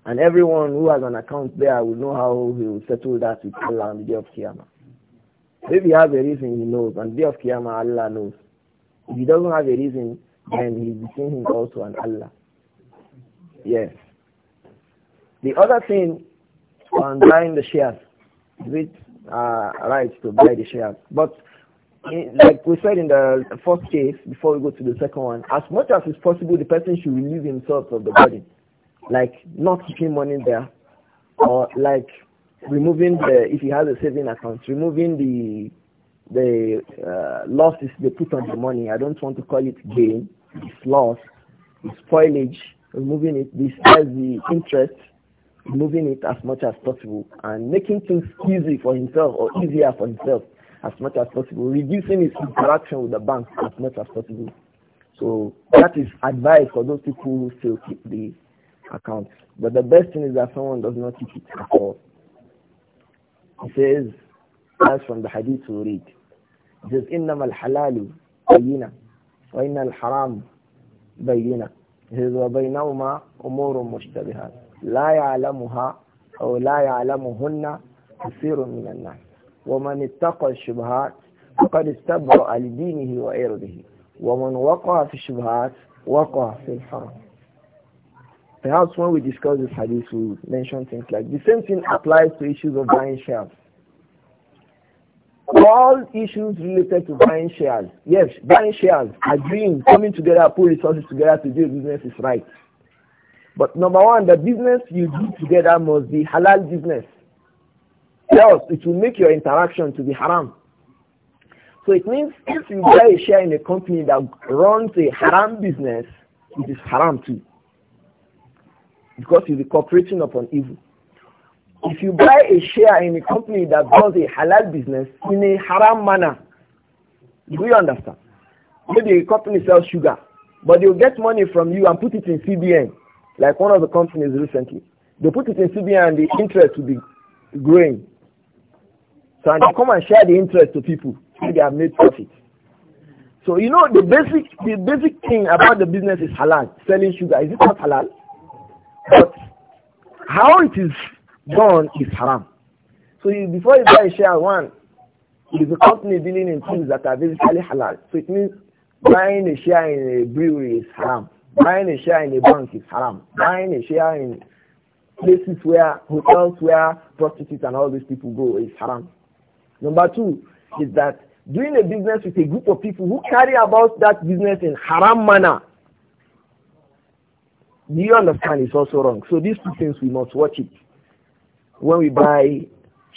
And everyone who has an account there will know how he will settle that with Allah on the day of Qiyamah. If he has a reason, he knows. On the day of Qiyamah, Allah knows. If he doesn't have a reason, then he's between him also and Allah. Yes. The other thing on buying the shares, is it uh, right to buy the shares? But in, like we said in the first case, before we go to the second one, as much as is possible, the person should relieve himself of the burden, like not keeping money there, or like removing the if he has a saving account, removing the the uh, losses they put on the money. I don't want to call it gain. It's loss. It's spoilage. Removing it. This the interest. Removing it as much as possible and making things easy for himself or easier for himself as much as possible, reducing his interaction with the bank as much as possible. So that is advice for those people who still keep the accounts. But the best thing is that someone does not keep it at all. He says, as from the hadith we read, he says, إِنَّمَا الْحَلَالُ بَيِّنَا وَإِنَّ الْحَرَامُ بَيِّنَا He says, وَبَيْنَهُمَا أُمُورٌ مُشْتَبِهَاتٌ لَا يَعْلَمُهَا أو لا يعلمهن كثير من الناس ومن اتقى الشبهات فقد استبرأ لدينه وعرضه ومن وقع في الشبهات وقع في الحرام Perhaps when we discuss this hadith, we mention things like the same thing applies to issues of buying shares. All issues related to buying shares, yes, buying shares, agreeing, coming together, put resources together to do business is right. But number one, the business you do together must be halal business else it will make your interaction to be haram. So it means if you buy a share in a company that runs a haram business, it is haram too. Because you'll be cooperating upon evil. If you buy a share in a company that runs a halal business in a haram manner, do you understand? Maybe a company sells sugar, but they'll get money from you and put it in CBN, like one of the companies recently. They put it in CBN and the interest will be growing. So and they come and share the interest to people. So they have made profit. So you know the basic the basic thing about the business is halal. Selling sugar is it not halal? But how it is done is haram. So you, before you buy a share one, it is a company dealing in things that are basically halal. So it means buying a share in a brewery is haram. Buying a share in a bank is haram. Buying a share in places where hotels where prostitutes and all these people go is haram. Number two is that doing a business with a group of people who carry about that business in haram manner. Do you understand? It's also wrong. So these two things we must watch it when we buy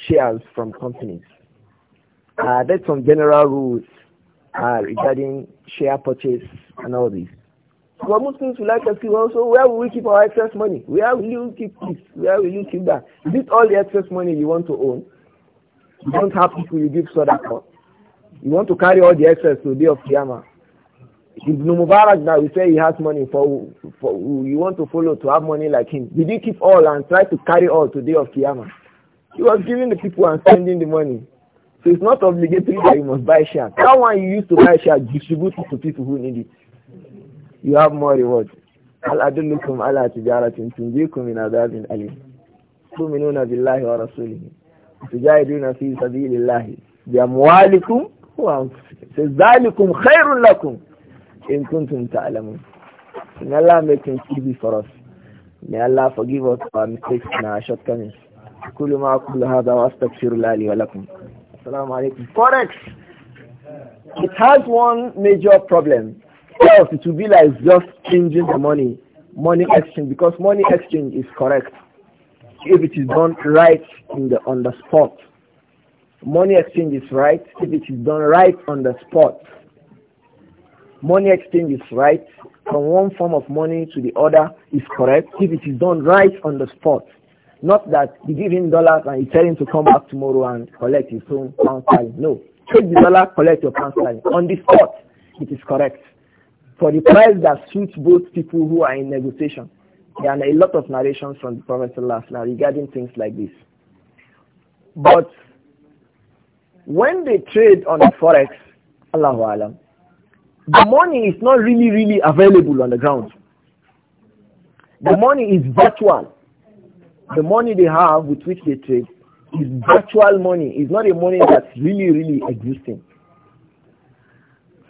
shares from companies. Uh, that's some general rules uh, regarding share purchase and all this. But Muslims we like to see also where will we keep our excess money? Where will you keep this? Where will you keep that? Is it all the excess money you want to own? You don't have people you give sadaqah. You want to carry all the excess to the day of Qiyamah. Ibn Mubarak now we say he has money for, for you want to follow to have money like him. Did he keep all and try to carry all to the day of Qiyamah? He was giving the people and spending the money. So it's not obligatory that you must buy share. That one you used to buy share, distribute it to people who need it. You have more reward. Al-adullukum ala tijaratin tunjikum Allah. adabin alim. Tuminuna billahi wa rasulihi. تجاهدون في سبيل الله بأموالكم وأنفسكم ذلكم خير لكم إن كنتم تعلمون May Allah make things easy May Allah forgive us for our mistakes and our shortcomings. أقول ما أقول هذا وأستغفر الله لي ولكم. السلام عليكم. Forex. It has one major problem. First, it will be like just changing the money, money exchange because money exchange is correct. if it is done right in the, on the spot. Money exchange is right if it is done right on the spot. Money exchange is right from one form of money to the other is correct if it is done right on the spot. Not that you give him dollars and you tell him to come back tomorrow and collect his own pound No. Take the dollar, collect your pound On the spot, it is correct. For the price that suits both people who are in negotiation. There are a lot of narrations from the Prophet ﷺ regarding things like this. But when they trade on the forex, Allahu Alam, the money is not really, really available on the ground. The money is virtual. The money they have with which they trade is virtual money. It's not a money that's really, really existing.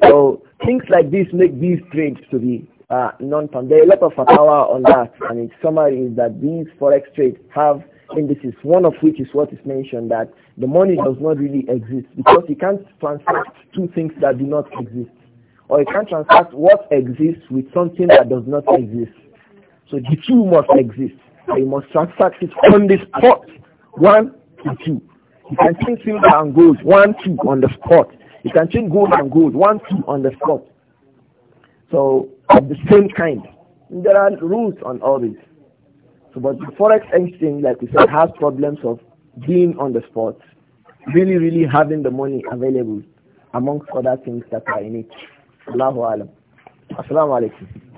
So things like this make these trades to be uh, non-farm. There are a lot of fatwa on that, and its summary is that these forex trades have indices, one of which is what is mentioned, that the money does not really exist because you can't transact two things that do not exist. Or you can't transact what exists with something that does not exist. So the two must exist. you must transact it on the spot, one to two. You can change silver and gold, one, two on the spot. You can change gold and gold, one, two on the spot. So of the same kind. there are rules on all this. So, but the forex exchange, like we said, has problems of being on the spot, really, really having the money available, amongst other things that are in it. Allahu Alam. Assalamu alaikum.